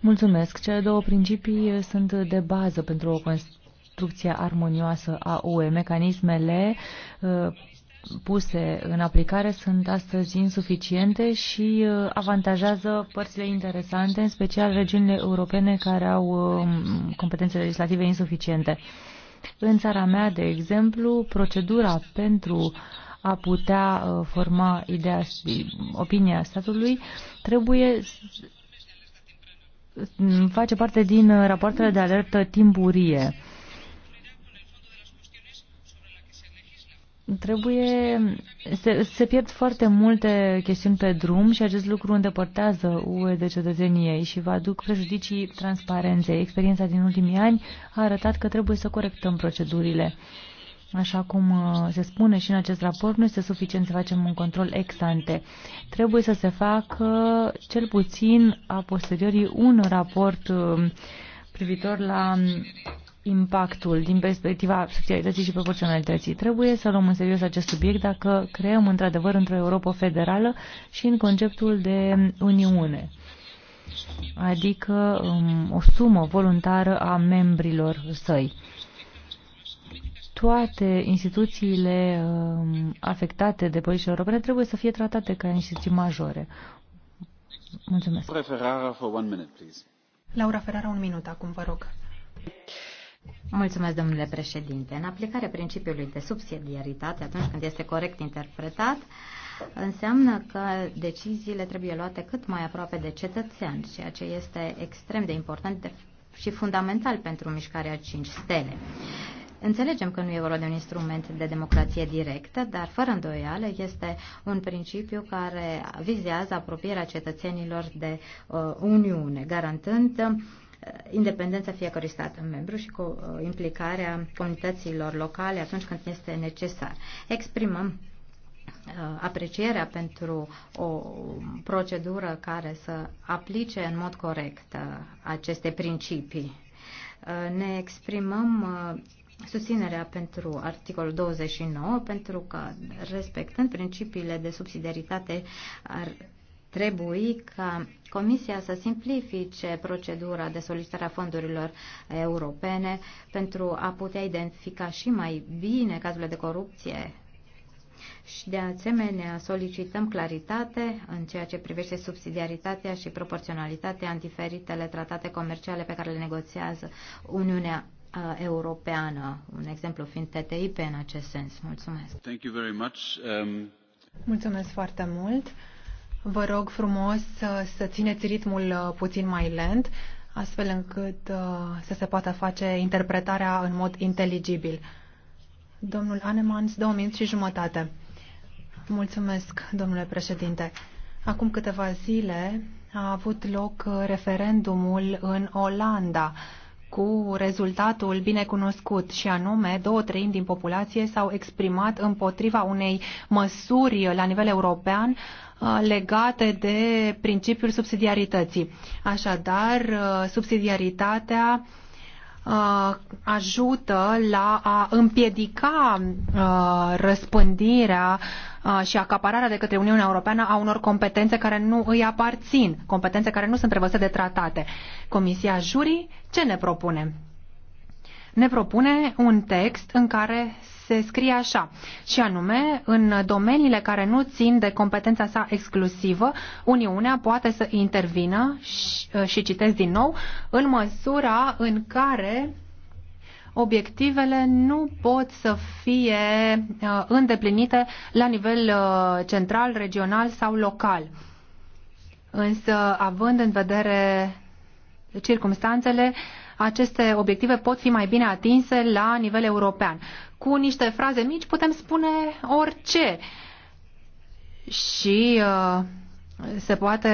Mulțumesc. Cele două principii sunt de bază pentru o construcție armonioasă a UE. Mecanismele uh, puse în aplicare sunt astăzi insuficiente și uh, avantajează părțile interesante, în special regiunile europene care au um, competențe legislative insuficiente. În țara mea, de exemplu, procedura pentru a putea uh, forma ideea, opinia statului trebuie face parte din uh, rapoartele de alertă timpurie. trebuie, se, se pierd foarte multe chestiuni pe drum și acest lucru îndepărtează UE de cetățenie și va aduc prejudicii transparenței. Experiența din ultimii ani a arătat că trebuie să corectăm procedurile. Așa cum uh, se spune și în acest raport, nu este suficient să facem un control ex ante. Trebuie să se facă cel puțin a posteriori un raport uh, privitor la impactul din perspectiva subsidiarității și proporționalității. Trebuie să luăm în serios acest subiect dacă creăm într-adevăr într-o Europa federală și în conceptul de Uniune, adică um, o sumă voluntară a membrilor săi. Toate instituțiile um, afectate de politici europene trebuie să fie tratate ca instituții majore. Mulțumesc. Laura Ferrara, un minut acum, vă rog Mulțumesc, domnule președinte. În aplicarea principiului de subsidiaritate, atunci când este corect interpretat, înseamnă că deciziile trebuie luate cât mai aproape de cetățean, ceea ce este extrem de important și fundamental pentru mișcarea 5 stele. Înțelegem că nu e vorba de un instrument de democrație directă, dar fără îndoială este un principiu care vizează apropierea cetățenilor de uh, Uniune, garantând Uh, independența fiecărui stat membru și cu uh, implicarea comunităților locale atunci când este necesar. Exprimăm uh, aprecierea pentru o procedură care să aplice în mod corect aceste principii. Ne exprimăm susținerea pentru articolul 29 pentru că respectând principiile de subsidiaritate ar trebui ca Comisia să simplifice procedura de solicitare a fondurilor europene pentru a putea identifica și mai bine cazurile de corupție și de asemenea solicităm claritate în ceea ce privește subsidiaritatea și proporționalitatea în diferitele tratate comerciale pe care le negociază Uniunea uh, Europeană, un exemplu fiind TTIP în acest sens. Mulțumesc. Thank you very much. Um... Mulțumesc foarte mult. Vă rog frumos să țineți ritmul uh, puțin mai lent, astfel încât uh, să se poată face interpretarea în mod inteligibil. Domnul Anemans, două minute și jumătate. Mulțumesc, domnule președinte. Acum câteva zile a avut loc uh, referendumul în Olanda cu rezultatul binecunoscut și anume două treimi din populație s-au exprimat împotriva unei măsuri la nivel european Uh, legate de principiul subsidiarității. Așadar, uh, subsidiaritatea uh, ajută la a împiedica răspândirea și acapararea de către Uniunea Europeană a unor competențe care nu îi aparțin, competențe care nu sunt prevăzute de tratate. Comisia Jurii ce ne propune? Ne propune un text în care se scrie așa, și anume, în domeniile care nu țin de competența sa exclusivă, Uniunea poate să intervină și, uh, și citesc din nou, în măsura în care obiectivele nu pot să fie uh, îndeplinite la nivel uh, central, regional sau local. Însă, având în vedere circumstanțele, aceste obiective pot fi mai bine atinse la nivel european cu niște fraze mici putem spune orice. Și uh, se poate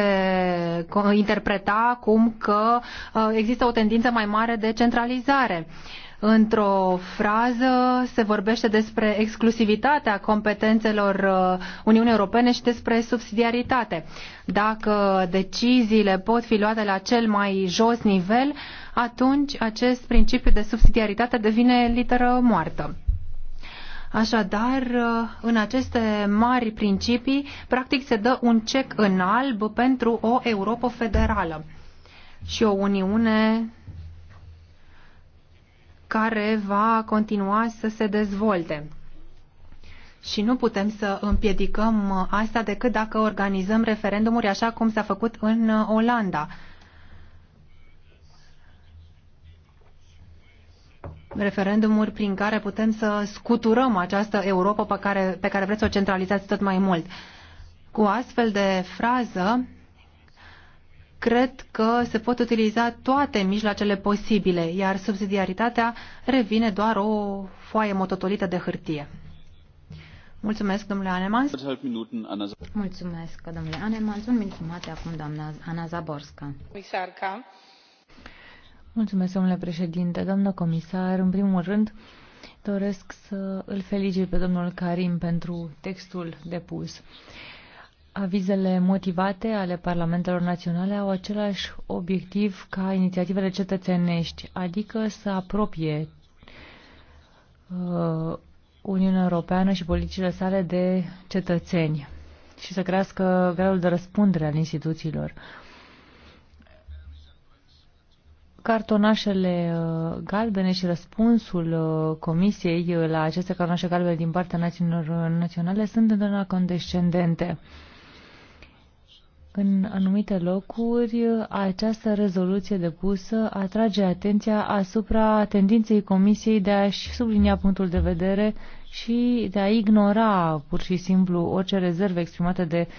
interpreta cum că uh, există o tendință mai mare de centralizare. Într-o frază se vorbește despre exclusivitatea competențelor uh, Uniunii Europene și despre subsidiaritate. Dacă deciziile pot fi luate la cel mai jos nivel, atunci acest principiu de subsidiaritate devine literă moartă. Așadar, în aceste mari principii, practic se dă un cec în alb pentru o Europa federală și o Uniune care va continua să se dezvolte. Și nu putem să împiedicăm asta decât dacă organizăm referendumuri așa cum s-a făcut în Olanda referendumuri prin care putem să scuturăm această Europa pe care, pe care vreți să o centralizați tot mai mult. Cu astfel de frază, cred că se pot utiliza toate mijloacele posibile, iar subsidiaritatea revine doar o foaie mototolită de hârtie. Mulțumesc, domnule Anemans. Mulțumesc, domnule Anemans. Un minut acum, doamna Ana Zaborska. Comisarca. Mulțumesc, domnule președinte, doamnă comisar. În primul rând, doresc să îl felicit pe domnul Karim pentru textul depus. Avizele motivate ale parlamentelor naționale au același obiectiv ca inițiativele cetățenești, adică să apropie uh, Uniunea Europeană și politicile sale de cetățeni și să crească gradul de răspundere al instituțiilor. Uh, cartonașele uh, galbene și răspunsul uh, Comisiei uh, la aceste cartonașe galbene din partea națiunilor naționale sunt întotdeauna condescendente. În anumite locuri, această rezoluție depusă atrage atenția asupra tendinței Comisiei de a-și sublinia punctul de vedere și de a ignora pur și simplu orice rezerve exprimate de uh,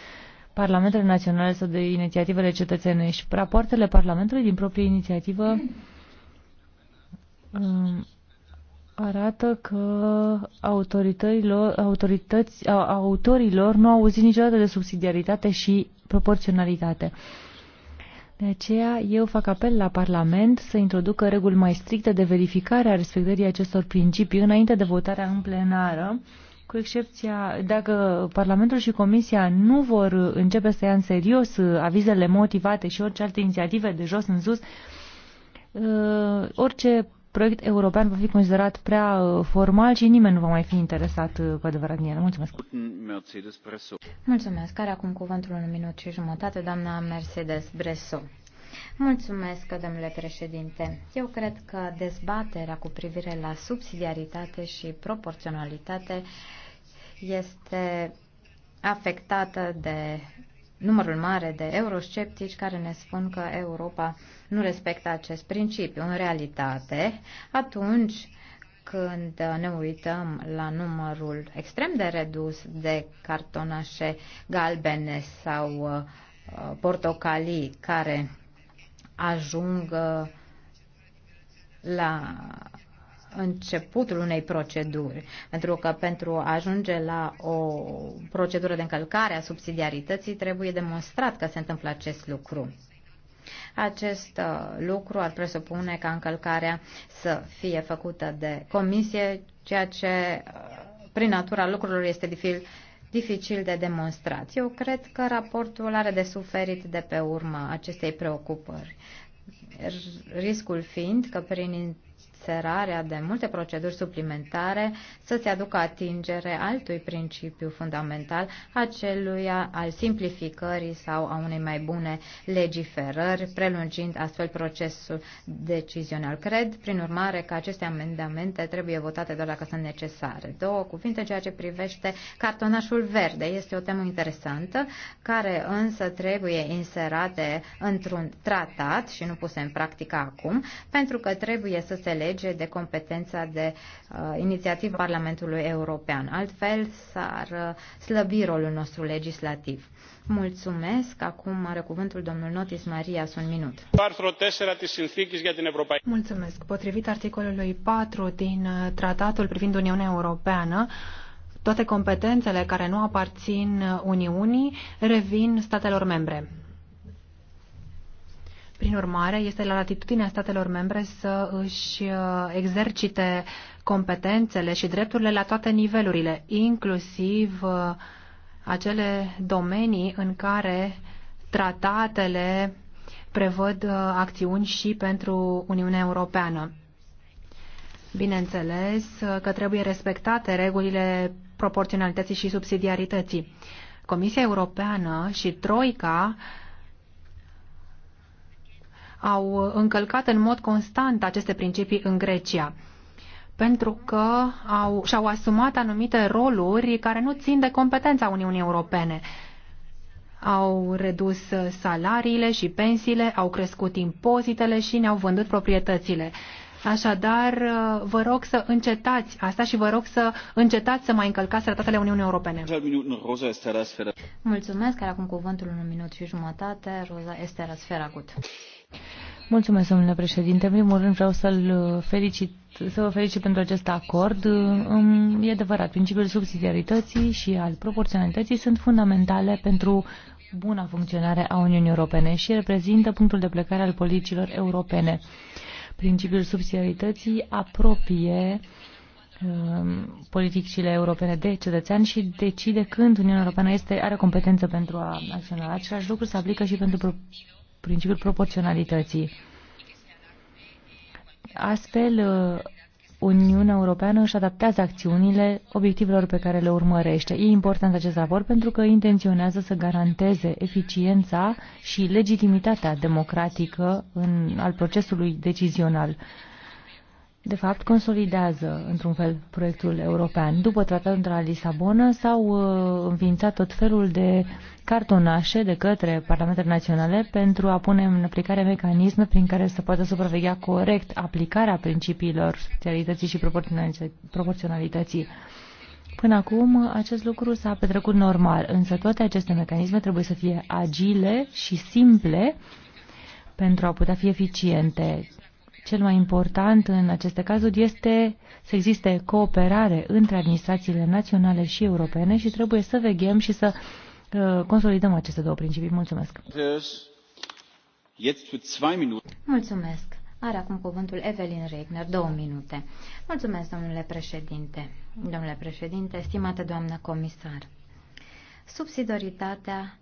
Parlamentele Naționale sau de inițiativele cetățenești. Rapoartele Parlamentului din proprie inițiativă um, arată că autorităților, autorități, autorilor nu au auzit niciodată de subsidiaritate și proporționalitate. De aceea eu fac apel la Parlament să introducă reguli mai stricte de verificare a respectării acestor principii înainte de votarea în plenară, cu excepția dacă Parlamentul și Comisia nu vor începe să ia în serios uh, avizele motivate și orice alte inițiative de jos în sus, uh, orice proiect european va fi considerat prea uh, formal și nimeni nu va mai fi interesat cu adevărat din el. Mulțumesc! Mulțumesc! Care acum cuvântul în minut și jumătate, doamna Mercedes Bresso. Mulțumesc, domnule președinte. Eu cred că dezbaterea cu privire la subsidiaritate și proporționalitate este afectată de numărul mare de eurosceptici care ne spun că Europa nu respectă acest principiu. În realitate, atunci când ne uităm la numărul extrem de redus de cartonașe galbene sau uh, portocalii care ajungă la începutul unei proceduri, pentru că pentru a ajunge la o procedură de încălcare a subsidiarității trebuie demonstrat că se întâmplă acest lucru. Acest uh, lucru ar presupune ca încălcarea să fie făcută de comisie, ceea ce uh, prin natura lucrurilor este dificil dificil de demonstrat. Eu cred că raportul are de suferit de pe urma acestei preocupări. Riscul fiind că prin serarea de multe proceduri suplimentare să se aducă atingere altui principiu fundamental, aceluia al simplificării sau a unei mai bune legiferări, prelungind astfel procesul decizional. Cred, prin urmare, că aceste amendamente trebuie votate doar dacă sunt necesare. Două cuvinte ceea ce privește cartonașul verde. Este o temă interesantă, care însă trebuie inserate într-un tratat și nu puse în practică acum, pentru că trebuie să se lege de competența de uh, inițiativă Parlamentului European. Altfel s-ar uh, slăbi rolul nostru legislativ. Mulțumesc. Acum are cuvântul domnul Notis Maria, un minut. Mulțumesc. Potrivit articolului 4 din uh, Tratatul privind Uniunea Europeană, toate competențele care nu aparțin uh, Uniunii revin statelor membre. Prin urmare, este la latitudinea statelor membre să își uh, exercite competențele și drepturile la toate nivelurile, inclusiv uh, acele domenii în care tratatele prevăd uh, acțiuni și pentru Uniunea Europeană. Bineînțeles că trebuie respectate regulile proporționalității și subsidiarității. Comisia Europeană și Troica au încălcat în mod constant aceste principii în Grecia pentru că au, și-au asumat anumite roluri care nu țin de competența Uniunii Europene. Au redus salariile și pensiile, au crescut impozitele și ne-au vândut proprietățile. Așadar, vă rog să încetați asta și vă rog să încetați să mai încălcați tratatele Uniunii Europene. Mulțumesc, care acum cuvântul în un minut și jumătate, roza este Sferagut. Mulțumesc, domnule președinte. În primul rând vreau să-l uh, felicit, să vă felicit pentru acest acord. Uh, um, e adevărat, principiul subsidiarității și al proporționalității sunt fundamentale pentru buna funcționare a Uniunii Europene și reprezintă punctul de plecare al politicilor europene. Principiul subsidiarității apropie um, politicile europene de cetățean și decide când Uniunea Europeană este, are competență pentru a acționa. Același lucru se aplică și pentru principiul proporționalității. Astfel, uh, Uniunea Europeană își adaptează acțiunile obiectivelor pe care le urmărește. E important acest raport pentru că intenționează să garanteze eficiența și legitimitatea democratică în, al procesului decizional de fapt, consolidează, într-un fel, proiectul european. După tratatul de la Lisabona s-au uh, înființat tot felul de cartonașe de către parlamentele naționale pentru a pune în aplicare mecanisme prin care să poată supraveghea corect aplicarea principiilor subsidiarității și proporționalității. Până acum, acest lucru s-a petrecut normal, însă toate aceste mecanisme trebuie să fie agile și simple pentru a putea fi eficiente. Cel mai important în aceste cazuri este să existe cooperare între administrațiile naționale și europene și trebuie să veghem și să uh, consolidăm aceste două principii. Mulțumesc! Mulțumesc! Are acum cuvântul Evelyn Regner, două minute. Mulțumesc, domnule președinte. Domnule președinte, stimată doamnă comisar, subsidiaritatea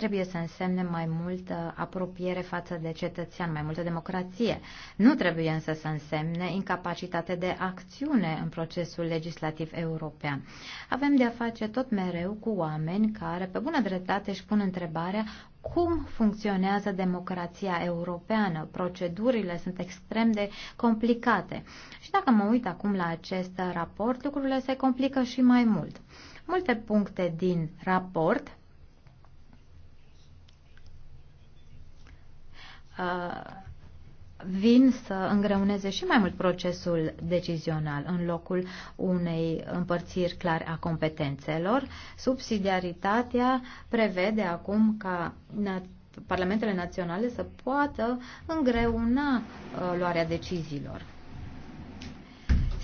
trebuie să însemne mai multă apropiere față de cetățean, mai multă democrație. Nu trebuie însă să însemne incapacitate de acțiune în procesul legislativ european. Avem de a face tot mereu cu oameni care, pe bună dreptate, își pun întrebarea cum funcționează democrația europeană. Procedurile sunt extrem de complicate. Și dacă mă uit acum la acest raport, lucrurile se complică și mai mult. Multe puncte din raport Uh, vin să îngreuneze și mai mult procesul decizional în locul unei împărțiri clare a competențelor. Subsidiaritatea prevede acum ca parlamentele naționale să poată îngreuna uh, luarea deciziilor.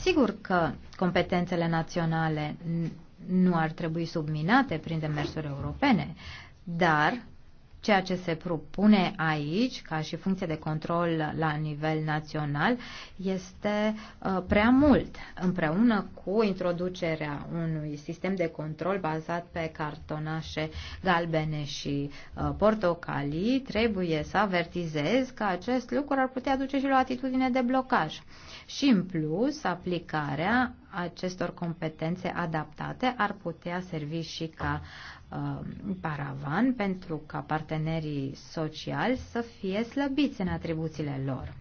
Sigur că competențele naționale nu ar trebui subminate prin demersuri europene, dar Ceea ce se propune aici, ca și funcție de control la nivel național, este uh, prea mult. Împreună cu introducerea unui sistem de control bazat pe cartonașe galbene și uh, portocalii, trebuie să avertizez că acest lucru ar putea duce și la o atitudine de blocaj. Și, în plus, aplicarea acestor competențe adaptate ar putea servi și ca uh, Um, paravan pentru ca partenerii sociali să fie slăbiți în atribuțiile lor.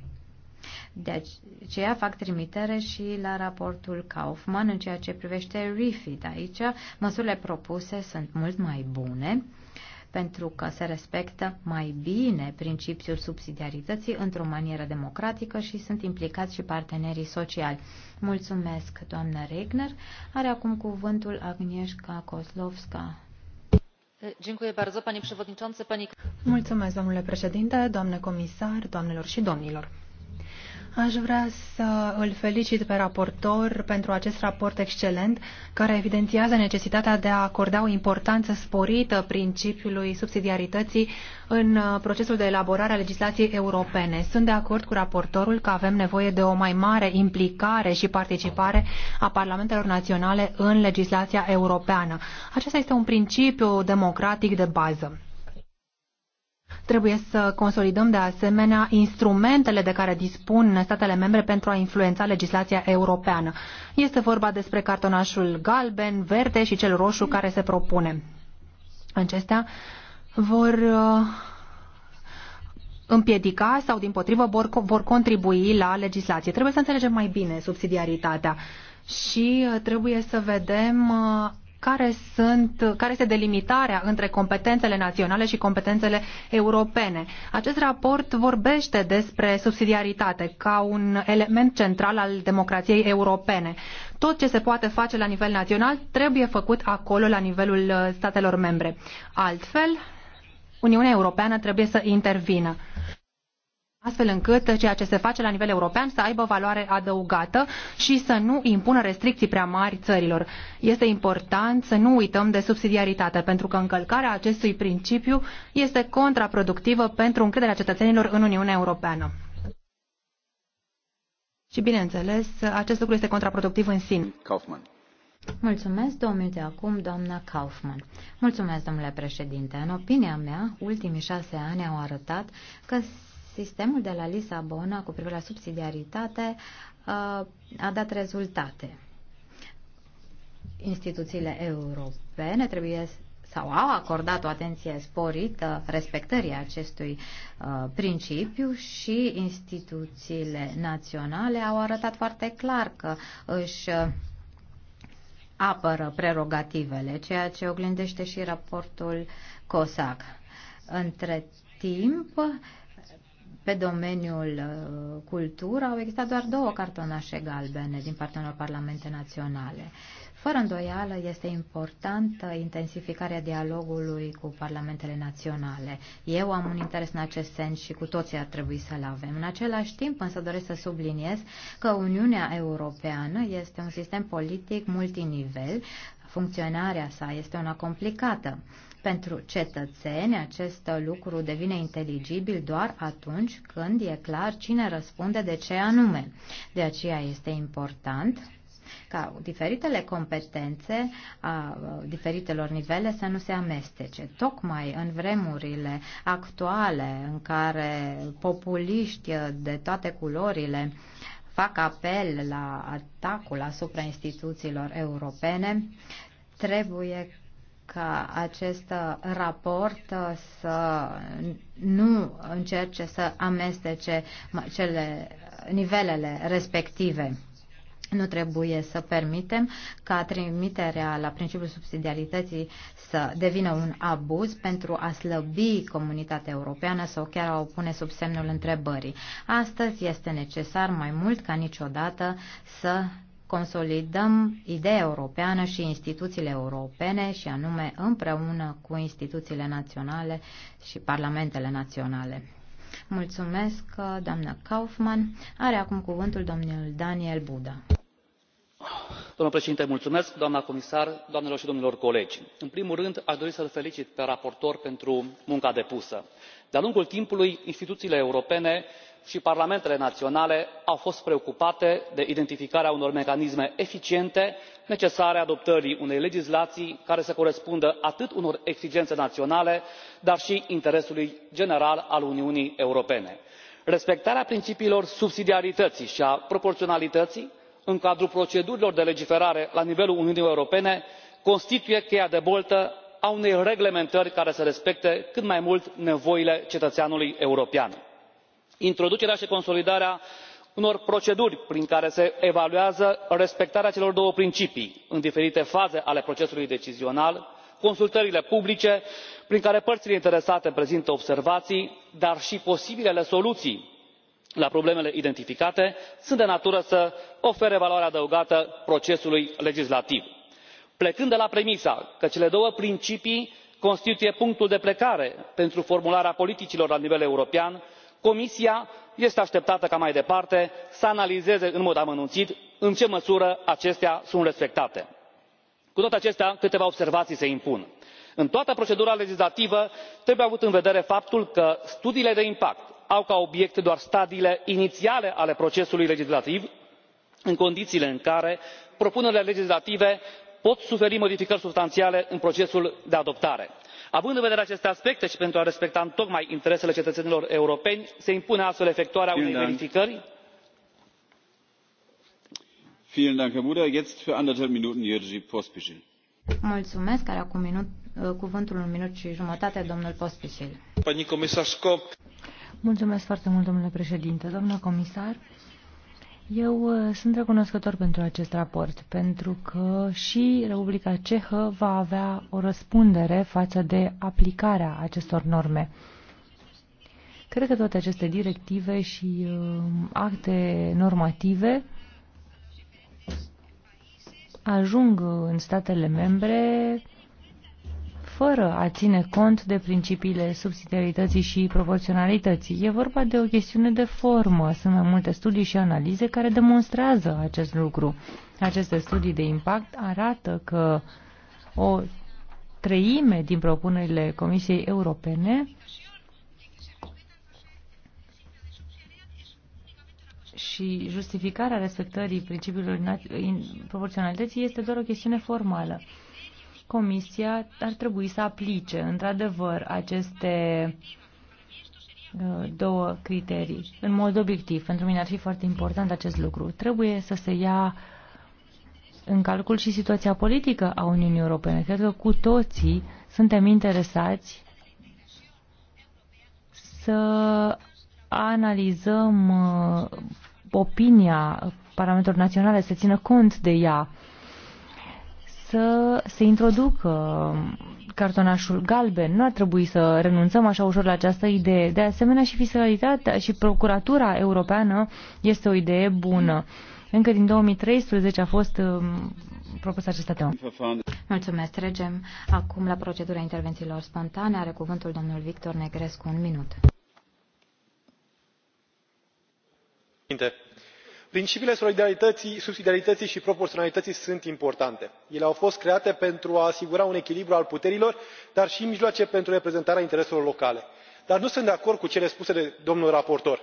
De aceea fac trimitere și la raportul Kaufman în ceea ce privește REFIT. Aici măsurile propuse sunt mult mai bune pentru că se respectă mai bine principiul subsidiarității într-o manieră democratică și sunt implicați și partenerii sociali. Mulțumesc, doamnă Regner. Are acum cuvântul Agnieszka Kozlovska domnule președinte doamnă comisar doamnelor și domnilor Aș vrea să îl felicit pe raportor pentru acest raport excelent, care evidențiază necesitatea de a acorda o importanță sporită principiului subsidiarității în uh, procesul de elaborare a legislației europene. Sunt de acord cu raportorul că avem nevoie de o mai mare implicare și participare a parlamentelor naționale în legislația europeană. Acesta este un principiu democratic de bază. Trebuie să consolidăm de asemenea instrumentele de care dispun statele membre pentru a influența legislația europeană. Este vorba despre cartonașul galben, verde și cel roșu care se propune. Acestea vor uh, împiedica sau, din potrivă, vor, vor contribui la legislație. Trebuie să înțelegem mai bine subsidiaritatea și uh, trebuie să vedem uh, care, sunt, care este delimitarea între competențele naționale și competențele europene. Acest raport vorbește despre subsidiaritate ca un element central al democrației europene. Tot ce se poate face la nivel național trebuie făcut acolo la nivelul statelor membre. Altfel, Uniunea Europeană trebuie să intervină astfel încât ceea ce se face la nivel european să aibă valoare adăugată și să nu impună restricții prea mari țărilor. Este important să nu uităm de subsidiaritate, pentru că încălcarea acestui principiu este contraproductivă pentru încrederea cetățenilor în Uniunea Europeană. Și bineînțeles, acest lucru este contraproductiv în sine. Kaufmann. Mulțumesc, domnul de acum, doamna Kaufman. Mulțumesc, domnule președinte. În opinia mea, ultimii șase ani au arătat că Sistemul de la Lisabona cu privire la subsidiaritate uh, a dat rezultate. Instituțiile europene trebuie sau au acordat o atenție sporită respectării acestui uh, principiu și instituțiile naționale au arătat foarte clar că își uh, apără prerogativele, ceea ce oglindește și raportul COSAC. Între timp, uh, pe domeniul uh, cultură au existat doar două cartonașe galbene din partea unor parlamente naționale. Fără îndoială, este importantă intensificarea dialogului cu parlamentele naționale. Eu am un interes în acest sens și cu toții ar trebui să-l avem. În același timp, însă doresc să subliniez că Uniunea Europeană este un sistem politic multinivel, funcționarea sa este una complicată. Pentru cetățeni, acest lucru devine inteligibil doar atunci când e clar cine răspunde de ce anume. De aceea este important ca diferitele competențe a diferitelor nivele să nu se amestece. Tocmai în vremurile actuale în care populiști de toate culorile fac apel la atacul asupra instituțiilor europene, trebuie ca acest uh, raport uh, să nu încerce să amestece cele nivelele respective. Nu trebuie să permitem ca trimiterea la principiul subsidiarității să devină un abuz pentru a slăbi comunitatea europeană sau chiar a o pune sub semnul întrebării. Astăzi este necesar mai mult ca niciodată să consolidăm ideea europeană și instituțiile europene și anume împreună cu instituțiile naționale și parlamentele naționale. Mulțumesc, doamnă Kaufmann. Are acum cuvântul domnul Daniel Buda domnule președinte doamnă comisar doamnelor și domnilor colegi în primul rând aș dori să îl felicit pe raportor pentru munca depusă. de a lungul timpului instituțiile europene și parlamentele naționale au fost preocupate de identificarea unor mecanisme eficiente necesare adoptării unei legislații care să corespundă atât unor exigențe naționale dar și interesului general al uniunii europene. respectarea principiilor subsidiarității și a proporționalității în cadrul procedurilor de legiferare la nivelul uniunii europene constituie cheia de boltă a unei reglementări care să respecte cât mai mult nevoile cetățeanului european. introducerea și consolidarea unor proceduri prin care se evaluează respectarea celor două principii în diferite faze ale procesului decizional consultările publice prin care părțile interesate prezintă observații dar și posibilele soluții la problemele identificate sunt de natură să ofere valoare adăugată procesului legislativ. plecând de la premisa că cele două principii constituie punctul de plecare pentru formularea politicilor la nivel european comisia este așteptată ca mai departe să analizeze în mod amănunțit în ce măsură acestea sunt respectate. cu toate acestea câteva observații se impun în toată procedura legislativă trebuie avut în vedere faptul că studiile de impact au ca obiect doar stadiile inițiale ale procesului legislativ în condițiile în care propunerile legislative pot suferi modificări substanțiale în procesul de adoptare. având în vedere aceste aspecte și pentru a respecta întocmai interesele cetățenilor europeni se impune astfel efectuarea unei verificări Mulțumesc. acum uh, cuvântul un minut și jumătate, domnul Mulțumesc foarte mult, domnule președinte. Doamna comisar, eu uh, sunt recunoscător pentru acest raport, pentru că și Republica Cehă va avea o răspundere față de aplicarea acestor norme. Cred că toate aceste directive și uh, acte normative ajung în statele membre fără a ține cont de principiile subsidiarității și proporționalității. E vorba de o chestiune de formă. Sunt mai multe studii și analize care demonstrează acest lucru. Aceste studii de impact arată că o treime din propunerile Comisiei Europene și justificarea respectării principiului proporționalității este doar o chestiune formală. Comisia ar trebui să aplice, într-adevăr, aceste uh, două criterii. În mod obiectiv, pentru mine ar fi foarte important acest lucru. Trebuie să se ia în calcul și situația politică a Uniunii Europene. Cred că cu toții suntem interesați să analizăm uh, opinia Parlamentului naționale, să țină cont de ea să se introducă cartonașul galben. Nu ar trebui să renunțăm așa ușor la această idee. De asemenea și fiscalitatea și procuratura europeană este o idee bună. Încă din 2013 a fost um, propus această temă. Mulțumesc. regem. acum la procedura intervențiilor spontane. Are cuvântul domnul Victor Negrescu. Un minut. Inter principiile subsidiarității și proporționalității sunt importante ele au fost create pentru a asigura un echilibru al puterilor dar și mijloace pentru reprezentarea intereselor locale dar nu sunt de acord cu cele spuse de domnul raportor.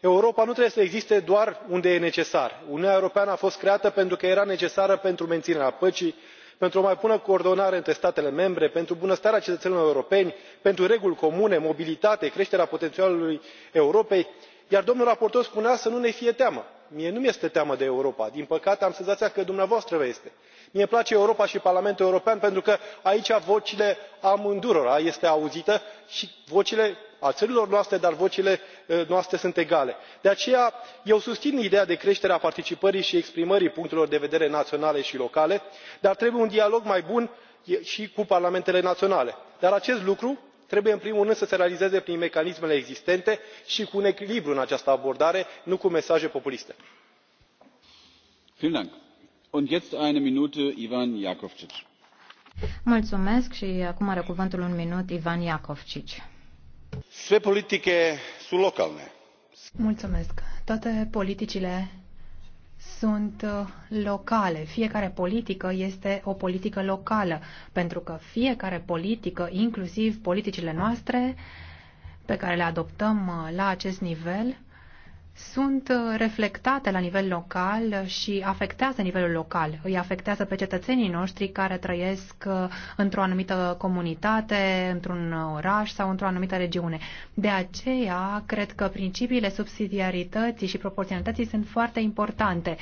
europa nu trebuie să existe doar unde e necesar uniunea europeană a fost creată pentru că era necesară pentru menținerea păcii pentru o mai bună coordonare între statele membre pentru bunăstarea cetățenilor europeni pentru reguli comune mobilitate creșterea potențialului europei iar domnul raportor spunea să nu ne fie teamă mie nu mi este teamă de europa din păcate am senzația că dumneavoastră vă este. mie îmi place europa și parlamentul european pentru că aici vocile amândurora este auzite și vocile țărilor noastre dar vocile noastre sunt egale. de aceea eu susțin ideea de creștere a participării și exprimării punctelor de vedere naționale și locale dar trebuie un dialog mai bun și cu parlamentele naționale dar acest lucru trebuie în primul rând să se realizeze prin mecanismele existente și cu un echilibru în această abordare nu cu mesaje populiste. Mulțumesc și acum are cuvântul un minut Ivan Toate politicile sunt uh, locale. Fiecare politică este o politică locală, pentru că fiecare politică, inclusiv politicile noastre pe care le adoptăm uh, la acest nivel, sunt uh, reflectate la nivel local și afectează nivelul local. Îi afectează pe cetățenii noștri care trăiesc uh, într-o anumită comunitate, într-un uh, oraș sau într-o anumită regiune. De aceea, cred că principiile subsidiarității și proporționalității sunt foarte importante.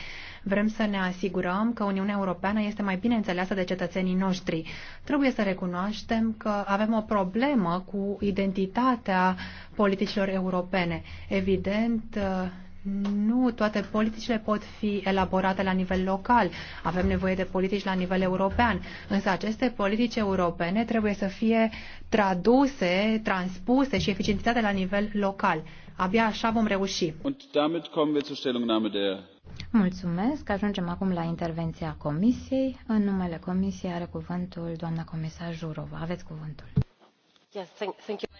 Vrem să ne asigurăm că Uniunea Europeană este mai bine înțeleasă de cetățenii noștri. Trebuie să recunoaștem că avem o problemă cu identitatea politicilor europene. Evident, nu toate politicile pot fi elaborate la nivel local. Avem nevoie de politici la nivel european. Însă aceste politici europene trebuie să fie traduse, transpuse și eficientizate la nivel local. Abia așa vom reuși. Und damit kommen wir zur Stellungnahme der Mulțumesc. Ajungem acum la intervenția Comisiei. În numele Comisiei are cuvântul doamna comisar Jurova. Aveți cuvântul. Yes, thank, thank you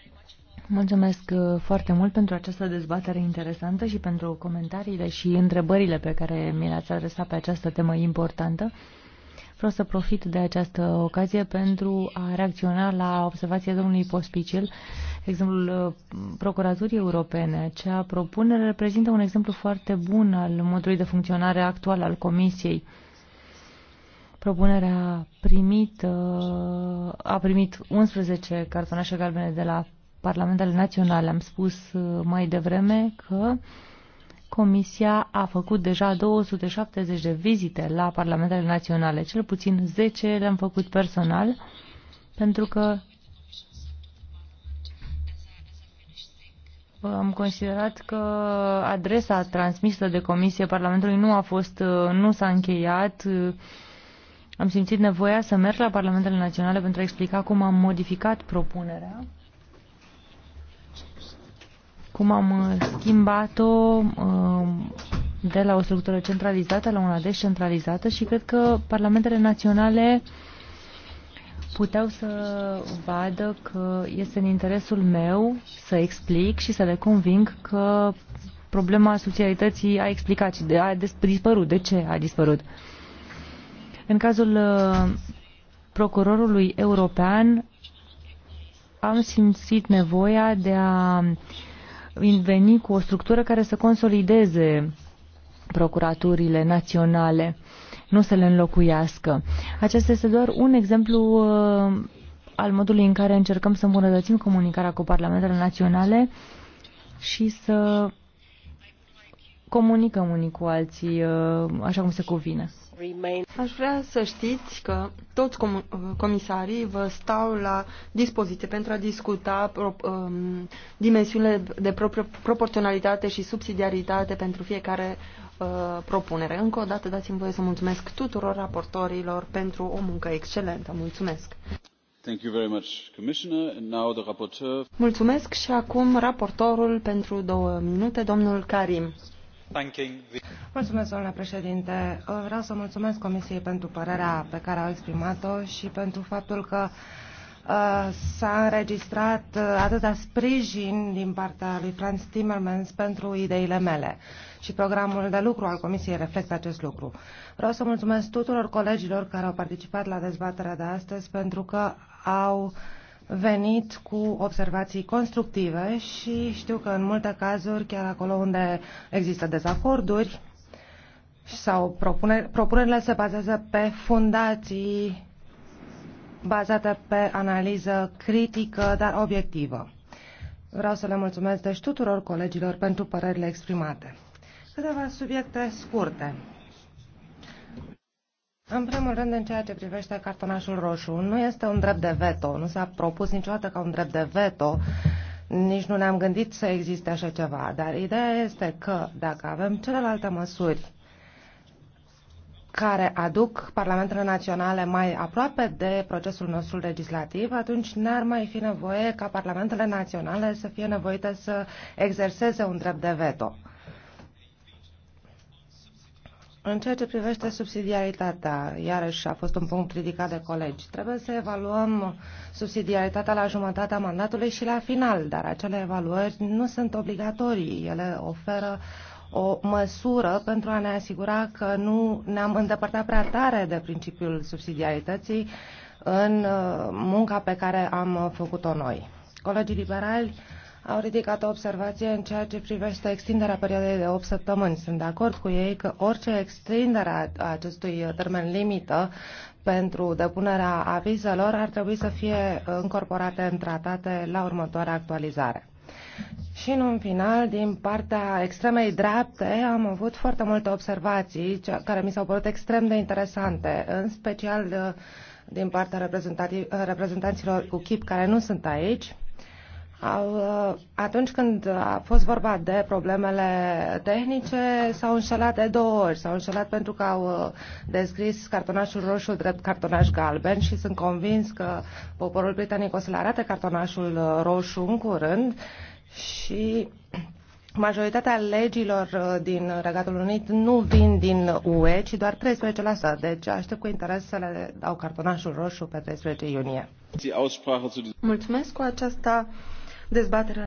Mulțumesc uh, foarte mult pentru această dezbatere interesantă și pentru comentariile și întrebările pe care mi le-ați adresat pe această temă importantă. Vreau să profit de această ocazie pentru a reacționa la observația domnului Pospicil, exemplul uh, Procuraturii Europene. Cea propunere reprezintă un exemplu foarte bun al modului de funcționare actual al Comisiei propunerea uh, a primit, a primit 11 cartonașe galbene de la Parlamentele Naționale. Am spus uh, mai devreme că Comisia a făcut deja 270 de vizite la parlamentele naționale, cel puțin 10 le-am făcut personal, pentru că am considerat că adresa transmisă de Comisie Parlamentului nu a fost, nu s-a încheiat. Am simțit nevoia să merg la Parlamentele Naționale pentru a explica cum am modificat propunerea cum am uh, schimbat-o uh, de la o structură centralizată la una descentralizată și cred că parlamentele naționale puteau să vadă că este în interesul meu să explic și să le conving că problema socialității a explicat și a dispărut. De ce a dispărut? În cazul uh, procurorului european am simțit nevoia de a uh, veni cu o structură care să consolideze procuraturile naționale, nu să le înlocuiască. Acesta este doar un exemplu uh, al modului în care încercăm să îmbunătățim comunicarea cu parlamentele naționale și să comunicăm unii cu alții uh, așa cum se cuvine. Aș vrea să știți că toți com comisarii vă stau la dispoziție pentru a discuta pro um, dimensiunile de pro proporționalitate și subsidiaritate pentru fiecare uh, propunere. Încă o dată dați-mi voie să mulțumesc tuturor raportorilor pentru o muncă excelentă. Mulțumesc! Thank you very much, Commissioner. And now the rapporteur... Mulțumesc și acum raportorul pentru două minute, domnul Karim. Mulțumesc, domnule președinte. Vreau să mulțumesc Comisiei pentru părerea pe care au exprimat-o și pentru faptul că uh, s-a înregistrat uh, atâta sprijin din partea lui Franz Timmermans pentru ideile mele și programul de lucru al Comisiei reflectă acest lucru. Vreau să mulțumesc tuturor colegilor care au participat la dezbaterea de astăzi pentru că au uh, venit cu observații constructive și știu că în multe cazuri, chiar acolo unde există dezacorduri sau propuneri, propunerile se bazează pe fundații bazate pe analiză critică, dar obiectivă. Vreau să le mulțumesc deci tuturor colegilor pentru părerile exprimate. Câteva subiecte scurte. În primul rând, în ceea ce privește cartonașul roșu, nu este un drept de veto, nu s-a propus niciodată ca un drept de veto, nici nu ne-am gândit să existe așa ceva, dar ideea este că dacă avem celelalte măsuri care aduc parlamentele naționale mai aproape de procesul nostru legislativ, atunci n-ar mai fi nevoie ca parlamentele naționale să fie nevoite să exerseze un drept de veto. În ceea ce privește subsidiaritatea, iarăși a fost un punct ridicat de colegi, trebuie să evaluăm subsidiaritatea la jumătatea mandatului și la final, dar acele evaluări nu sunt obligatorii. Ele oferă o măsură pentru a ne asigura că nu ne-am îndepărtat prea tare de principiul subsidiarității în uh, munca pe care am făcut-o noi. Colegii liberali au ridicat o observație în ceea ce privește extinderea perioadei de 8 săptămâni. Sunt de acord cu ei că orice extindere a acestui termen limită pentru depunerea avizelor ar trebui să fie încorporate în tratate la următoarea actualizare. Și în final, din partea extremei dreapte, am avut foarte multe observații care mi s-au părut extrem de interesante, în special uh, din partea reprezentanților UKIP care nu sunt aici Uh, atunci când a fost vorba de problemele tehnice, s-au înșelat de două ori. S-au înșelat pentru că au uh, descris cartonașul roșu drept cartonaș galben și sunt convins că poporul britanic o să le arate cartonașul uh, roșu în curând și majoritatea legilor din Regatul Unit nu vin din UE, ci doar 13%. Deci aștept cu interes să le dau cartonașul roșu pe 13 iunie. Mulțumesc cu aceasta. Dezbaterea